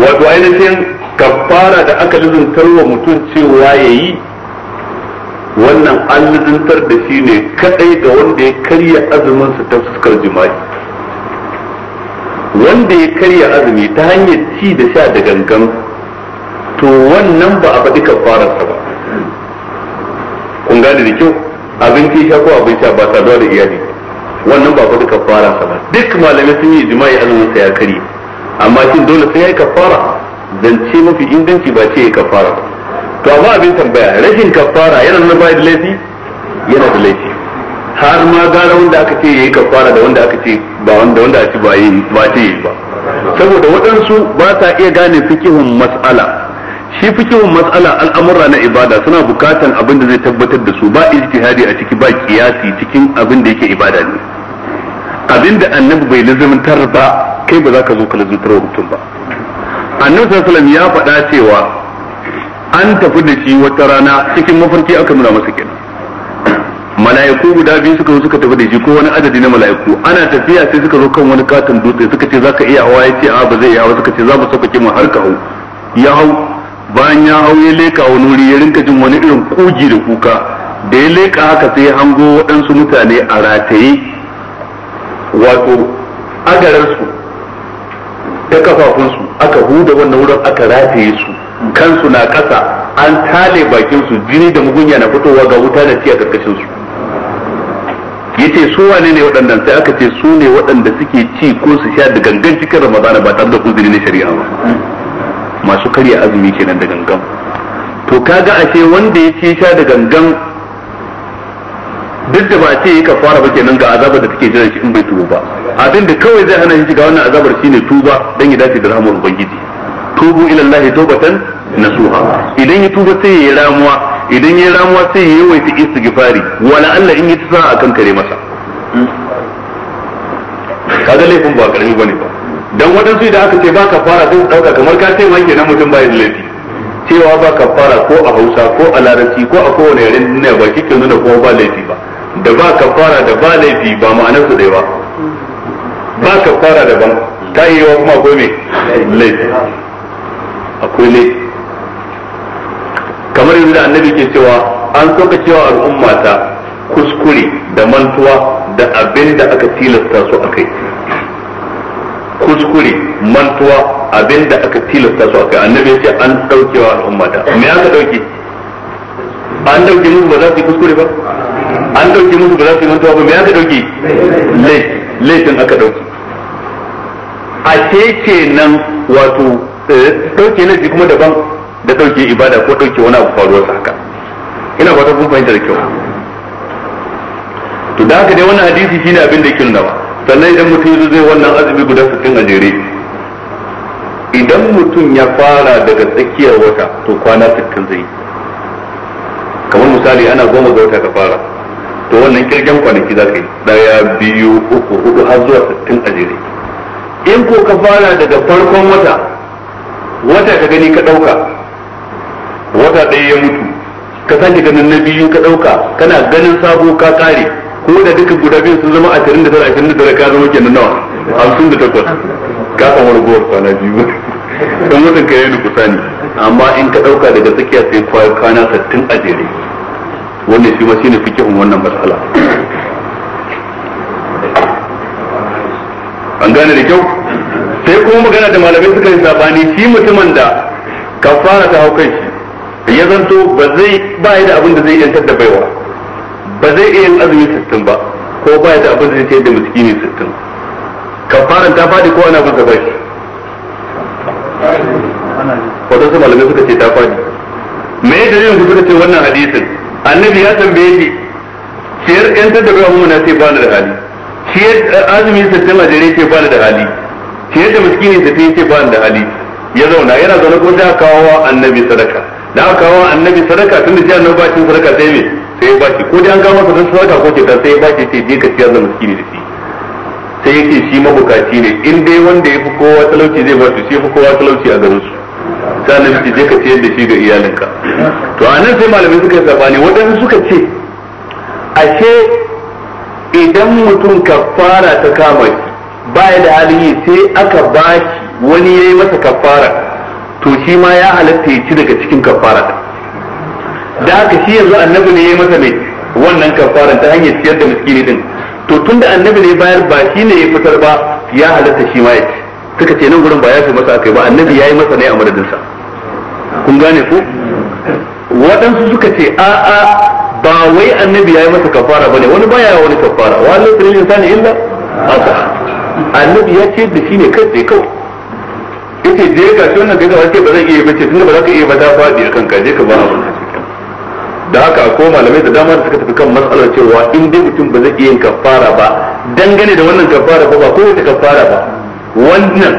wato ainihin kafara da aka lizin karwa mutum cewa yi. wannan an lizintar da shi ne kadai ga wanda ya karya azuminsa ta fuskar jima'i wanda ya karya azumi ta hanyar ci da sha da gangan to wannan ba a faɗi kafararsa ba kun gane da kyau abinci sha ko abin sha ba zuwa da iyali wannan ba faɗi kafararsa ba duk malamai sun yi jima'i azuminsa ya karye amma shin dole sai ya yi kafara zance mafi inganci ba ce ya kafara ba to amma abin tambaya rashin kafara yana nuna bai da laifi yana da laifi har ma gara wanda aka ce yayi kafara da wanda aka ce ba wanda wanda a ce ba yi ba ce yi ba saboda waɗansu ba sa iya gane fikihun mas'ala shi fikihun mas'ala al'amura na ibada suna bukatan abin da zai tabbatar da su ba ijtihadi a ciki ba kiyasi cikin abin da yake ibada ne abin da annabi bai lazimtar ba kai ba za ka zo ka lazimtar wa mutum ba annabi sallallahu alaihi wasallam ya faɗa cewa an tafi da shi wata rana cikin mafarki aka nuna masa kenan mala'iku guda biyu suka zo suka tafi da shi ko wani adadi na mala'iku ana tafiya sai suka zo kan wani katon dutse suka ce zaka iya hawa yace a ba zai iya hawa suka ce za mu sauƙaƙe mu har ka hau ya hau bayan ya hau ya leka wani wuri ya rinka jin wani irin kugi da kuka da ya leka haka sai ya hango waɗansu mutane a rataye wato agararsu da kafafunsu aka huda wannan wurin aka rataye su kansu na kasa an tale bakin su jini da mugunya na fitowa ga wuta da tiya karkashin su yace su wane ne waɗannan sai aka ce su ne waɗanda suke ci ko su sha da gangan cikin ramadana ba tare da uzuri na shari'a ba masu karya azumi kenan da gangan to kaga ashe wanda ya sha da gangan duk da ba a ce ka fara ba kenan ga azabar da take jira shi in bai tuba ba abin da kawai zai hana shi shiga wannan azabar shine tuba dan ya dace da rahmar ubangiji tubu ila Allah tawbatan nasuha idan ya tuba sai ya ramuwa idan ya ramuwa sai ya waita istighfari wala Allah in yi tsara akan kare masa kaga laifin ba karami bane ba dan waɗansu idan aka ce ba ka fara sai ɗauka kamar ka ce wanke nan mutum ba da laifi cewa ba ka fara ko a hausa ko a larabci ko a kowane yaren ne ba kike nuna ko ba laifi ba da ba ka fara da ba laifi ba ma'anar su dai ba ba ka fara daban ta yi wa kuma akwai me laifi akwai laifi kamar yadda da annabi ke cewa an soka cewa al'umma ta kuskure da mantuwa da abin da aka tilasta su a kai kuskure mantuwa abin da aka tilasta su a kai annabi ya ce an daukewa al'umma ta me aka dauke an dauke musu ba za su yi kuskure ba an dauke musu ba za su yi mantuwa ba me aka dauke laifin aka dauke a ce ce nan wato Eh, dauke ji kuma daban da dauke ibada ko dauke wani abu faruwar sa haka ina ta kun fahimta da kyau to da haka dai wannan hadisi shine abin da yake nuna sannan idan mutum ya zai wannan azumi guda 60 a jere idan mutum ya fara daga tsakiyar wata to kwana 60 zai kamar misali ana goma ga wata ka fara to wannan kirgen kwanaki za ka yi daya biyu uku hudu har zuwa 60 a jere in ko ka fara daga farkon wata wata ka gani ka ɗauka wata ɗaya ya mutu ka sake ganin na biyu ka ɗauka kana ganin sabo ka ƙare ko da duka guda biyu sun zama ashirin da tara ashirin da tara ka zama kenan nawa hamsin da takwas ka samu ragowar kwana biyu don mutum ka yi kusa ne amma in ka ɗauka daga tsakiya sai kwana sattin a jere wannan shi ma shine in wannan matsala an gane da kyau sai kuma magana da malamai suka yi sabani shi mutumin da fara ta haukai shi ya zanto ba zai ba da abin da zai yantar da baiwa ba zai iya yin azumi sittin ba ko ba da abin da zai ce da miskini sittin fara ta fadi ko ana bin bai bashi wadansu malamai suka ce ta fadi me ya dalilin ku suka ce wannan hadisin annabi ya tambaye shi ciyar yantar da baiwa mu na ce ba da hali ciyar eh, azumi sittin a jere ce ba da hali ce da miskini da sai ce ba da hali ya zauna yana zaune kuma sai kawo kawo annabi sadaka da aka kawo annabi sadaka tun da sai annabi ba shi sadaka sai me sai ya baki ko dai an kawo masa sadaka ko ke dan sai ya baki ce je ka ciyar da miskini da shi sai yake shi mabukaci ne in dai wanda ya fi kowa talauci zai ba shi shi fi kowa talauci a garin su sai ne ce je ka ciyar da shi ga iyalinka to a nan sai malamai suka yi sabani waɗansu suka ce ashe idan mutum kafara ta kama shi baya da halin yi sai aka baki wani yayi masa kafara to shi ma ya halatta ya ci daga cikin kafara da haka shi yanzu annabi ne yayi masa mai wannan kafaran ta hanyar ciyar da miskini din to tunda annabi ne bayar ba shi ne ya fitar ba ya halatta shi ma ya ci suka ce nan gurin ba ya fi masa akai ba annabi yayi masa ne a madadinsa kun gane ko waɗansu suka ce a'a ba wai annabi ya yi masa kafara ba ne wani baya wani kafara wa lam yusri illa annabi ya ce da shi ne kai tsaye kawai yace je ga shi wannan gaza wace ba zai iya bace tunda ba za ka iya ba ta faɗi a kanka je ka ba abin da da haka ko malamai da dama da suka tafi kan matsalar cewa in dai mutum ba zai iya yin kafara ba dangane da wannan kafara ba ba wata kafara ba wannan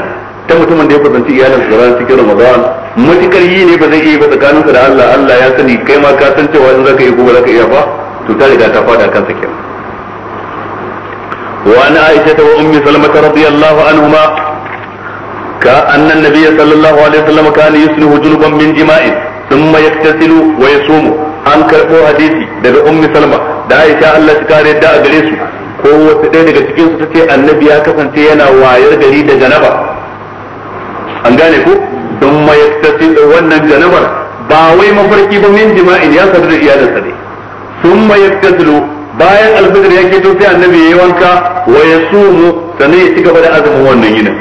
ta mutumin da ya kusanci iyalin su ranar cikin ramadan matukar yi ne ba zai iya ba tsakaninsa da Allah Allah ya sani kai ma ka san cewa in zaka iya ko ba zaka iya ba to ta riga ta fada kansa kenan وعن عائشة وأم سلمة رضي الله عنهما كأن النبي صلى الله عليه وسلم كان يسنه جنبا من جماء ثم يغتسل ويصوم an karɓo hadisi daga ummi salma da aisha Allah ta kare da a gare su ko wata ɗaya daga cikin su tace annabi ya kasance yana wayar gari da janaba an gane ku don ma yaktasi wannan janabar ba wai mafarki ba min jima'in ya sadu da iyalinsa ne sun ma yaktasilu bayan alfajir ya ke sai annabi ya yi wanka wa ya sumu sannan ya ci gaba da azumin wannan yinin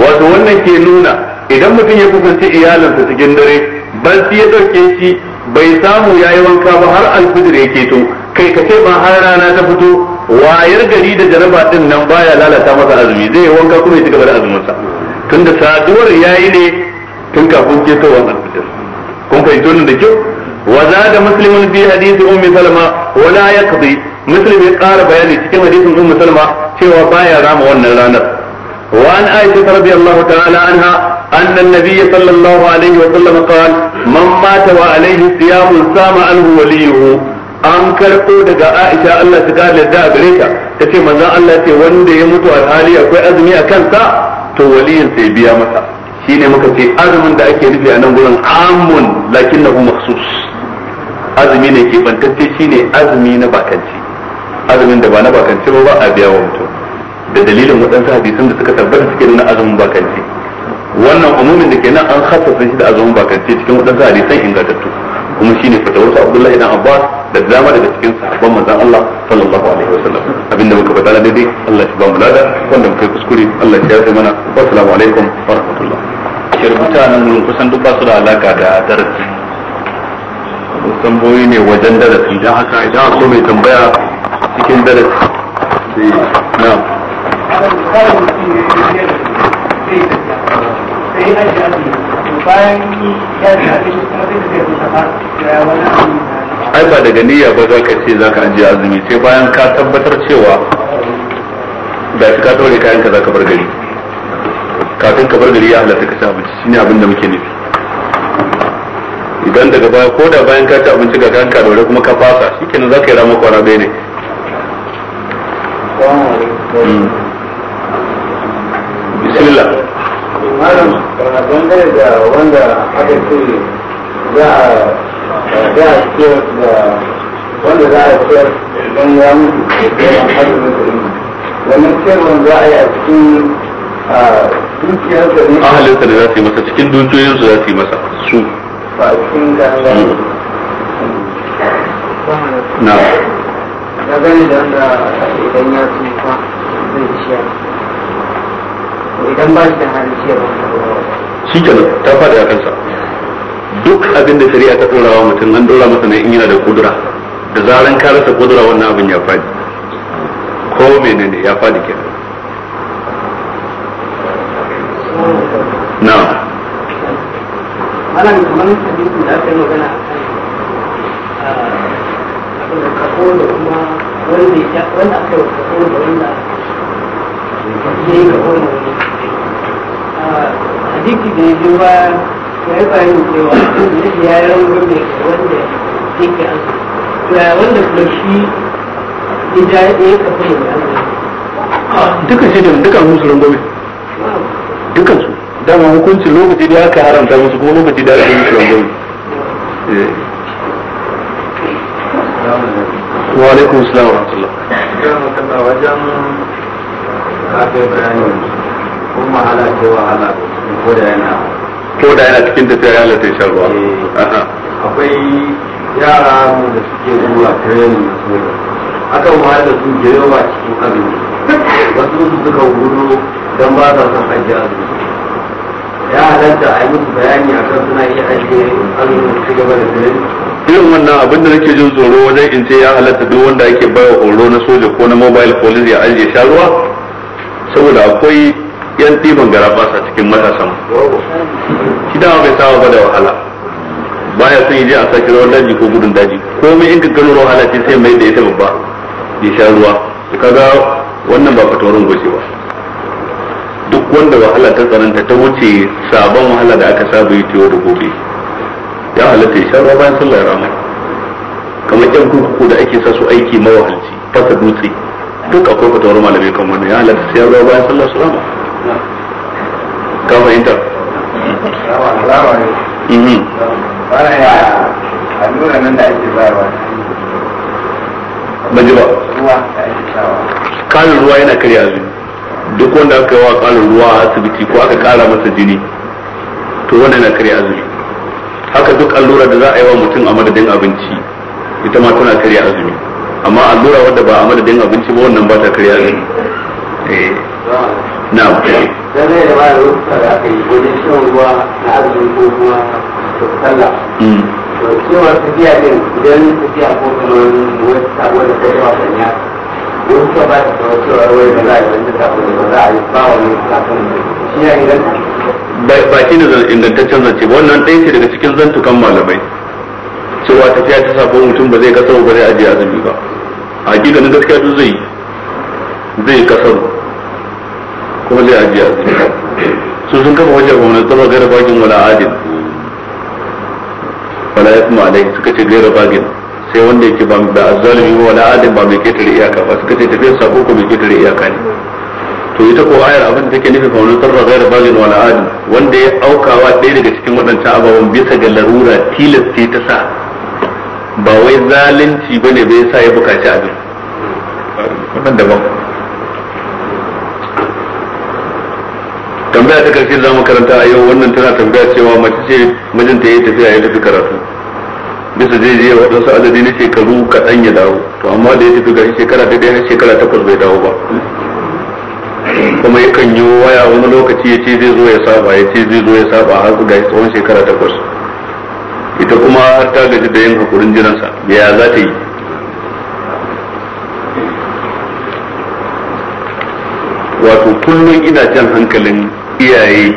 wato wannan ke nuna idan mutum ya kusanci iyalinsa cikin dare barci ya ɗauke shi bai samu ya yi wanka ba har alfajir ya to kai ka ce ba har rana ta fito wayar gari da jaraba din nan baya lalata masa azumi zai yi wanka kuma ya ci gaba da sa tunda saduwar ya yi ne tun kafin ketowar alfajir kun fahimci wannan da kyau وزاد مسلم في حديث أم سلمة ولا يقضي مسلم قال بياني cikin hadisin Ummu Salma cewa baya rama wannan ranar وعن عائشة رضي الله تعالى عنها أن النبي صلى الله عليه وسلم قال من مات وعليه صيام صام عنه وليه an karɓo daga Aisha Allah ta kare da gare ta tace manzon Allah ce wanda ya mutu alhali akwai azumi a kansa to waliyin sai biya masa shine muka ce azumin da ake nufi a nan gurin amun lakinnahu makhsus azumi ne ke bantacce shine azumi na bakanci azumin da ba na bakanci ba a biya wa mutum da dalilin waɗansu hadisan da suka tabbata suke nuna azumin bakanci wannan umumin da kenan an hassasa shi da azumin bakanci cikin waɗansu hadisan ingantattu kuma shine fatawar Abdullahi dan Abbas da dama daga cikin sahabban manzon Allah sallallahu alaihi wasallam abinda muka faɗa na daidai Allah ya ba mu lada wanda muka yi kuskure Allah ya yarda mana assalamu alaikum wa rahmatullah shirbuta rubuta nan kusan duk ba su da alaka da darasi tamboyi ne wajen darasi don haka idan akwai mai tambaya cikin darasi yi na ai ba daga niyya ba za ka ce za ka ajiye azumi sai bayan ka tabbatar cewa da ka daure kayan ka za ka bar gari kafin ka bar gari ya halatta ka sha abinci shine abin da muke nufi idan daga baya ko da bayan ka ci abinci ga kanka dole kuma ka fasa shikenan za ka yi rama kwana ɗaya ne bismillah malam dangane da wanda aka ce za a za a da wanda za a ciyar don ya mutu da azumin kuɗi wannan ciyarwar za a yi a cikin dukiyarsa ne ahalinsa da za su yi masa cikin dukiyoyinsu za su yi masa su na ya gani da wanda idan ya tsufa zai idan ba shi da hali shi ke nan ta faɗi a kansa duk abin da shari'a ta ɗora wa mutum an dora masa ne in yana da kudura da zaran ka rasa kudura wannan abin ya ko menene ya kenan na malam kamar hadisi da aka yi magana a kan ah, da da kuma wanda ya wanda aka yi kako da wanda ya yi kako da wani ah, hadisi da ya ji ba ya yi bayan cewa ya yi rangon ne wanda yake an ga wanda kuma shi ya ya kako da wani ah, Dukkan shi da duka musulun gobe dukansu dama hukuncin lokaci da aka haramta musu ko lokaci da aka yi musu rangwai wa alaikum assalam wa rahmatullah wajen kafin bayani kuma ala ce wa wahala ko da yana ko da yana cikin tafiya ya halatta shan ruwa akwai yara mu da suke zuwa training da su akan wayar da su da yawa cikin azumi wasu suka gudu don ba sa son ajiye su. ya halatta a yi musu bayani a kan suna iya ajiye azumin su gaba da zirin irin wannan abin da nake jin tsoro wajen in ce ya halatta duk wanda ake baiwa horo na soja ko na mobile police ya ajiye sharuwa saboda akwai yan ɗiban gara basa cikin matasan shi dama bai saba ba da wahala baya sun yi je a sake rawar daji ko gudun daji komai in ka gano wahala ce sai mai da ita babba ya sha ruwa kaga wannan ba fatawarin goce ba duk wanda wahala ta tsananta ta wuce sabon wahala da aka saba yi tiyo da gobe ya halatta ya sharwa bayan sallar rama kamar yan kurkuku da ake sa su aiki mawahalci fasa dutse duk akwai fatawar malamai kan wannan ya halatta ya ruwa bayan sallar su rama ka fahimta mhm. ba ji ba karin ruwa yana karya azumi duk wanda aka yi wa ƙarin ruwa a asibiti ko aka ƙara masa jini to wanda na karya azumi haka duk allura da za a yi wa mutum a madadin abinci ita ma tana karya azumi amma allura wadda ba a madadin abinci ba wannan ba ta karya azumi na da hmm. cewar tafiya din idan tafiya ko da ta yi don cewa ba ta kawo cewa wai ba za a yi wani ta kuma ba za a yi ba wani ta kuma shi ya inganta ba shi ne ingantaccen zance wannan ɗaya ce daga cikin zantukan malamai cewa tafiya ta sabo mutum ba zai kasar ba zai ajiye azumi ba a giganin gaskiya duk zai zai kasar kuma zai ajiye azumi su sun kafa wajen gwamnati zama gaira bagin wala adil wala ya kuma alai suka ce gaira bagin sai wanda yake ba da azzalimi ba wala adam ba mai ketare iyaka ba suka ce tafiyar sako ko mai ketare iyaka ne to ita ko ayar abin da take nufi fa wani sarra gaira bagin wala adam wanda ya aukawa ɗaya daga cikin waɗancan ababen bisa ga larura tilasta ta sa ba wai zalunci bane bai sa ya bukaci abin wannan daban tambaya ta karshe za mu karanta a yau wannan tana tambaya cewa mace ce mijinta ya tafiya ya tafi karatu bisa zai je wasu adadi na shekaru kaɗan ya dawo to amma da ya tafi ga shekara ta ɗaya shekara takwas bai dawo ba kuma yakan yi waya wani lokaci ya ce zai zo ya saba ya ce zai zo ya saba har ga tsawon shekara takwas ita kuma ta gaji da yin hakurin jiransa ya za ta yi wato kullum ina jan hankalin iyaye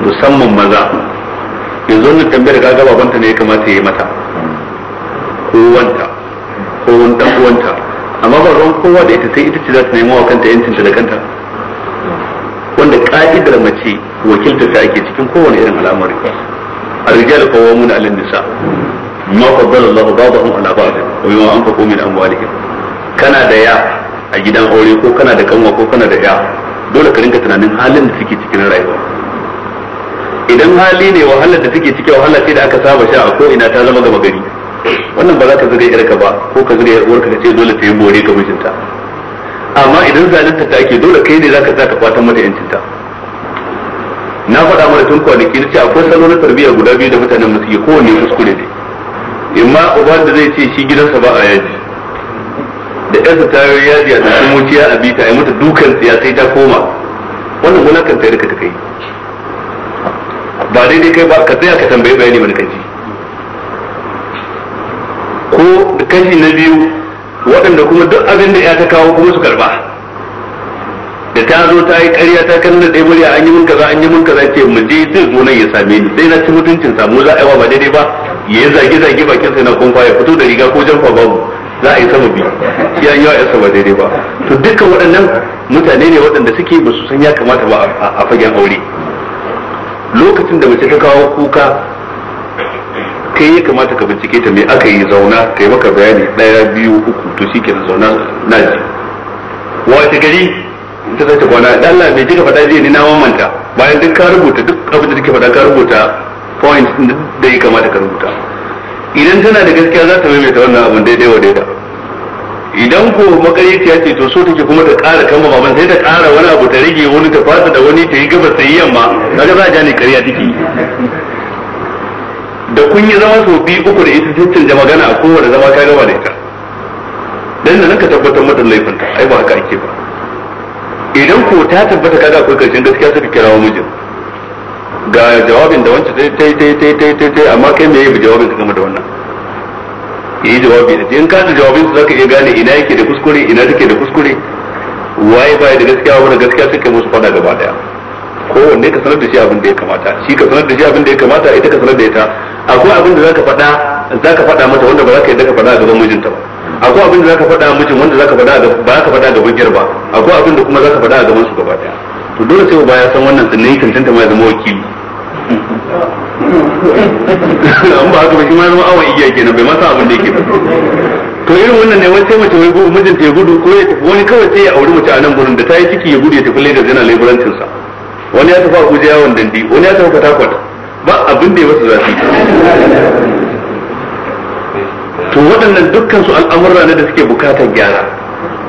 musamman maza yanzu wannan tambayar ka gaba banta ne ya kamata ya yi mata ko wanta ko wanda dan uwanta amma ba ruwan kowa da ita sai ita ce za ta nemo wa kanta yancinta da kanta wanda ka'idar mace wakilta ta ake cikin kowane irin al'amari الرجال قوامون على النساء ما فضل الله بعضهم على بعض وبما انفقوا من اموالهم kana da ya a gidan aure ko kana da kanwa ko kana da ya dole ka rinka tunanin halin da suke cikin rayuwa idan hali ne wahalar da take cike wahala ce da aka saba sha a ko ina ta zama gama gari wannan ba za ka zira yarka ba ko ka zira yarwarka ka ce dole ta yi bore ga mijinta amma idan zalunta ta ake dole kai ne za ka sa ka kwatan mata yancinta na faɗa mana tun kwanaki na ce akwai salo na tarbiyya guda biyu da mutanen mu suke kowanne kuskure ne imma uba da zai ce shi gidansa ba a yaji da yarsa ta yi yaji a cikin wuciya a bita a yi mata dukan tsiya sai ta koma wannan wulakan ta ka ta kai ba daidai kai ba ka tsaya ka tambayi bayani wani kaji ko kashi na biyu waɗanda kuma duk abin da ya ta kawo kuma su karba da ta zo ta yi ƙarya ta kan da ɗaya murya an yi mun kaza an yi mun kaza ce mu je zai zo nan ya same ni sai na ci mutuncin samu za a yi wa ba daidai ba ya yi zage zage bakin sai na kunfa ya fito da riga ko jamfa babu za a yi sama biyu ya yi wa yarsa ba daidai ba to dukkan waɗannan mutane ne waɗanda suke ba su san ya kamata ba a fagen aure lokacin da mace ta kawo kuka kai ya kamata ka bincike ta me aka yi zauna yi maka bayani daya biyu uku to shi kenan zauna na ji wace gari ta sace kwana da mai bai ji ka faɗa jiya ni na mamanta bayan duk ka rubuta duk abin da take faɗa ka rubuta point da ya kamata ka rubuta idan tana da gaskiya za ta maimaita wannan abin daidai wa daidai. idan ko makariciya ce to so take kuma ta ƙara kama baban sai ta ƙara wani abu ta rage wani ta fasa da wani ta yi gaba ta yi yamma kaga za a ja kariya ƙarya take da kun yi zama sau biyu uku da ita sai da magana a kowane zama ka gaba da ita dan da ka tabbatar mata laifin ta ai ba haka ake ba idan ko ta tabbata kaga akwai karshen gaskiya suka kirawo mijin ga jawabin da wancan ta yi ta yi ta yi ta yi amma kai me yi jawabin ka game da wannan yi jawabi da in ka jawabin su zaka iya gane ina yake da kuskure ina take da kuskure waye baya da gaskiya wani gaskiya suke musu fada gaba daya kowanne ka sanar da shi abin da ya kamata shi ka sanar da shi abin da ya kamata ita ka sanar da ita akwai abin da zaka faɗa zaka faɗa mata wanda ba zaka yadda ka faɗa a gaban mijinta ba akwai abin da zaka faɗa mijin wanda zaka faɗa ba zaka faɗa a bugiyar ba akwai abin da kuma zaka faɗa a gaban su gaba daya to dole sai ba ya san wannan sannan ya tantance ma ya zama wakili an ba haka ba shi ma zama awon igiya kenan bai masa abin da yake ba to irin wannan ne wani sai mace wai gudu mijinta ya gudu ko ya tafi wani kawai sai ya auri mace a nan gurin da ta yi ciki ya gudu ya tafi Lagos yana leburancin sa wani ya tafi a Abuja yawon dandi wani ya tafi Fatakwat ba abin da ya masa zafi to waɗannan dukkan su al'amurra ne da suke bukatar gyara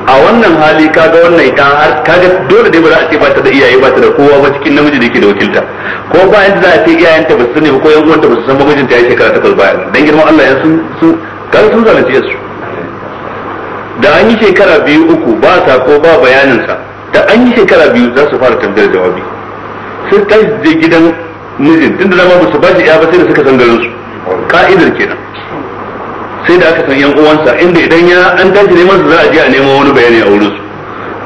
a wannan hali kaga wannan ita har kaga dole dai ba za a ce ba ta da iyaye ba ta da kowa ba cikin namiji da yake da wakilta ko ba yanda za a ce iyayenta ba su sani ba ko yan uwanta ba su san ba mijinta ya shekara takwas baya dan girman Allah ya sun su kaga sun zalunce su da an yi shekara biyu uku ba ta ko ba bayanin sa da an yi shekara biyu za su fara tambayar jawabi sai kai je gidan mijin tunda da ba su ba shi iya ba sai da suka san garin su ka'idar kenan sai da aka san yan uwansa inda idan ya an tashi neman su za a je a nemo wani bayani a wurin su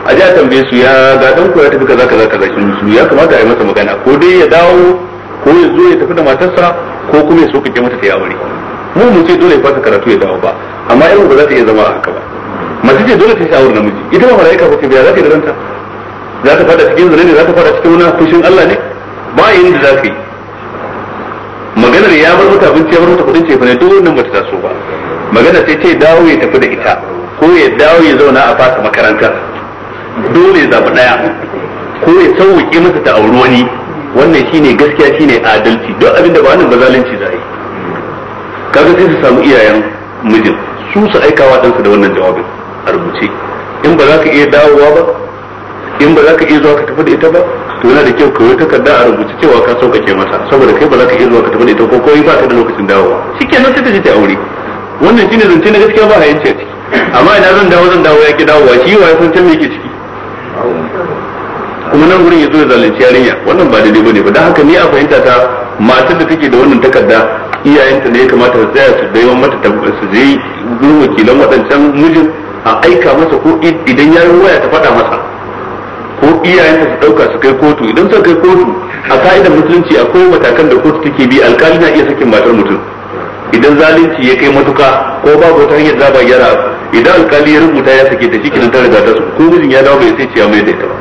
a je a tambaye su ya ga dan ku ya tafi kaza kaza kaza shi su ya kamata a yi masa magana ko dai ya dawo ko ya zo ya tafi da matarsa ko kuma ya so kike mata ta yi aure mu mu ce dole ya fasa karatu ya dawo ba amma irin ba za ta iya zama a haka ba mace ce dole ta yi aure namiji ita ba malaika ba ce ba za ta yi da ranta za ta fada cikin zane ne za ta fada cikin wani fushin Allah ne ba yin da za ka yi maganar ya bar mata abinci ya bar mata kudin ce fa ne duk wannan ba ta taso ba magana sai ce dawo ya tafi da ita ko ya dawo ya zauna a fasa makaranta dole zaɓi ɗaya ko ya sauƙi masa ta auri wani wannan shine gaskiya shine adalci don abin da ba wannan ba zalunci za a yi kaga sai su samu iyayen mijin su su aikawa ɗansu da wannan jawabin a rubuce in ba za ka iya dawowa ba in ba za ka iya zuwa ka tafi da ita ba to yana da kyau ka yi takarda a rubuce cewa ka sauƙaƙe masa saboda kai ba za ka iya zuwa ka tafi da ita ko koyi ba ka da lokacin dawowa shikenan sai ta je ta aure wannan shine zance na gaskiya ba hayin ciki, amma idan zan dawo zan dawo ya dawo shi wa ya san can me yake ciki kuma nan gurin ya zo ya zalunci yarinya wannan ba daidai bane ba dan haka ni a fahimta ta matar da take da wannan takarda iyayenta ne ya kamata su tsaya su bayyana mata su je gurin wakilan waɗancan mijin a aika masa ko idan ya yi waya ta faɗa masa ko iyayenta su ɗauka su kai kotu idan suka kai kotu a ka'idar musulunci akwai matakan da kotu take bi alkali na iya sakin matar mutum idan zalunci ya kai matuka ko ko ta hanyar za ba gyara idan alkali ya rubuta ya sake ta shi kenan ta riga ta su ko mijin ya dawo bai sai ciya mai da ita ba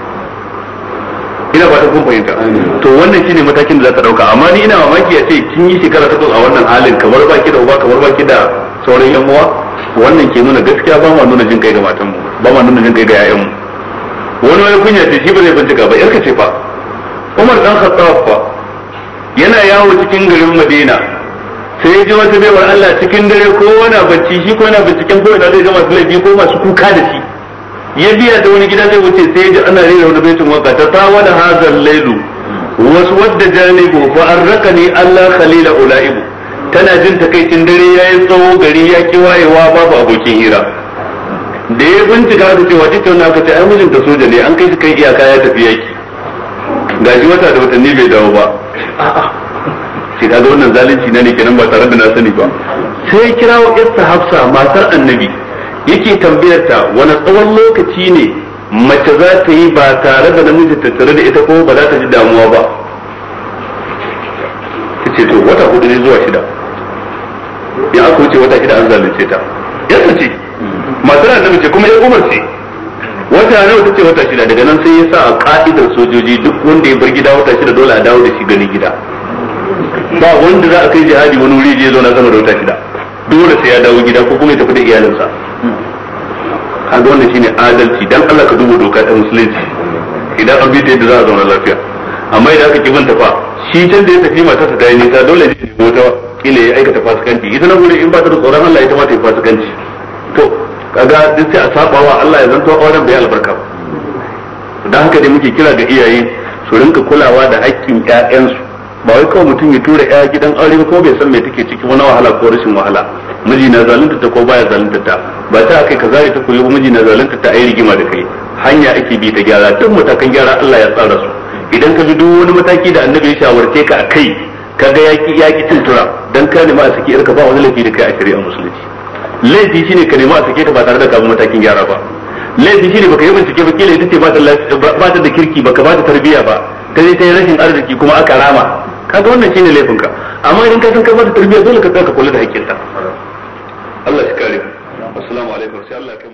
ina ba ta kun fahimta to wannan shine matakin da za ta dauka amma ni ina mamaki a ce kin yi shekara takwas a wannan halin kamar baki da uba kamar baki da sauran yan uwa wannan ke nuna gaskiya ba ma nuna jin kai ga matanmu ba ma nuna jin kai ga 'ya'yanmu wani wani kunya ce shi ba zai bincika ba yarka ce fa Umar dan Khattab fa yana yawo cikin garin Madina sai ya ji wata baiwar Allah cikin dare ko wani bacci shi ko yana bacci ko yana zai zama laifi ko masu kuka da shi ya biya da wani gida zai wuce sai ya ji ana rera wani baitin waka ta ta wani hazan lailu wasu wadda janibu fa ne Allah khalila ulaibu tana jin takaicin dare yayi tsawo gari ya ki wayewa babu abokin hira da ya bincika da cewa cikin na aka ce ai mijinta soja ne an kai shi kai iyaka ya tafi yaki gaji wata da watanni bai dawo ba ce kaga wannan zalunci na ne kenan ba tare da na sani ba sai kirawo yarsa hafsa matar annabi yake tambayar ta wani tsawon lokaci ne mace za ta yi ba tare da namiji tattare da ita ko ba za ta ji damuwa ba ta ce to wata hudu ne zuwa shida ya aka wuce wata shida an zalunce ta yarsa ce matar annabi ce kuma ya umar ce wata nawa ta ce wata shida daga nan sai ya sa a ka'idar sojoji duk wanda ya bar gida wata shida dole a dawo da shi gani gida ba wanda za a kai jihadi wani wuri je zauna sama da wata shida dole sai ya dawo gida ko kuma ya tafi da iyalinsa a wannan shine adalci dan Allah ka duba doka ta musulunci idan an bi ta yadda za a zauna lafiya amma idan aka kibin fa shi can da ya tafi mata ta dai nisa dole ne ya wata kila ya aikata fasikanci ita na gure in ba ta da tsoron Allah ita ma ta yi fasikanci to kaga duk sai a saba wa Allah ya zanto auren bai albarka ba dan haka dai muke kira ga iyaye su rinka kulawa da haƙƙin ƴaƴansu ba wai kawai mutum ya tura ya gidan aure ko bai san me take ciki wani wahala ko rashin wahala miji na zalunta ta ko baya zalunta ta ba ta kai ka zare ta koyo miji na zalunta ta ayi rigima da kai hanya ake bi ta gyara duk matakan gyara Allah ya tsara su idan ka bi duk wani mataki da annabi ya shawarce ka akai kaga yaki yaki tuntura dan ka nemi a saki irka ba wani laifi da kai a shari'a musulunci laifi shine ka nemi a sake ta ba tare da ka bi matakin gyara ba laifi shine baka yi bincike ba kila ita ce ba ta da kirki baka ba ta tarbiyya ba kai kai rashin arziki kuma aka rama kaga wannan shine laifin ka amma idan ka san ka ta tarbiyya dole ka tsaka kula da haƙƙinta Allah ya kare assalamu alaikum sai Allah ya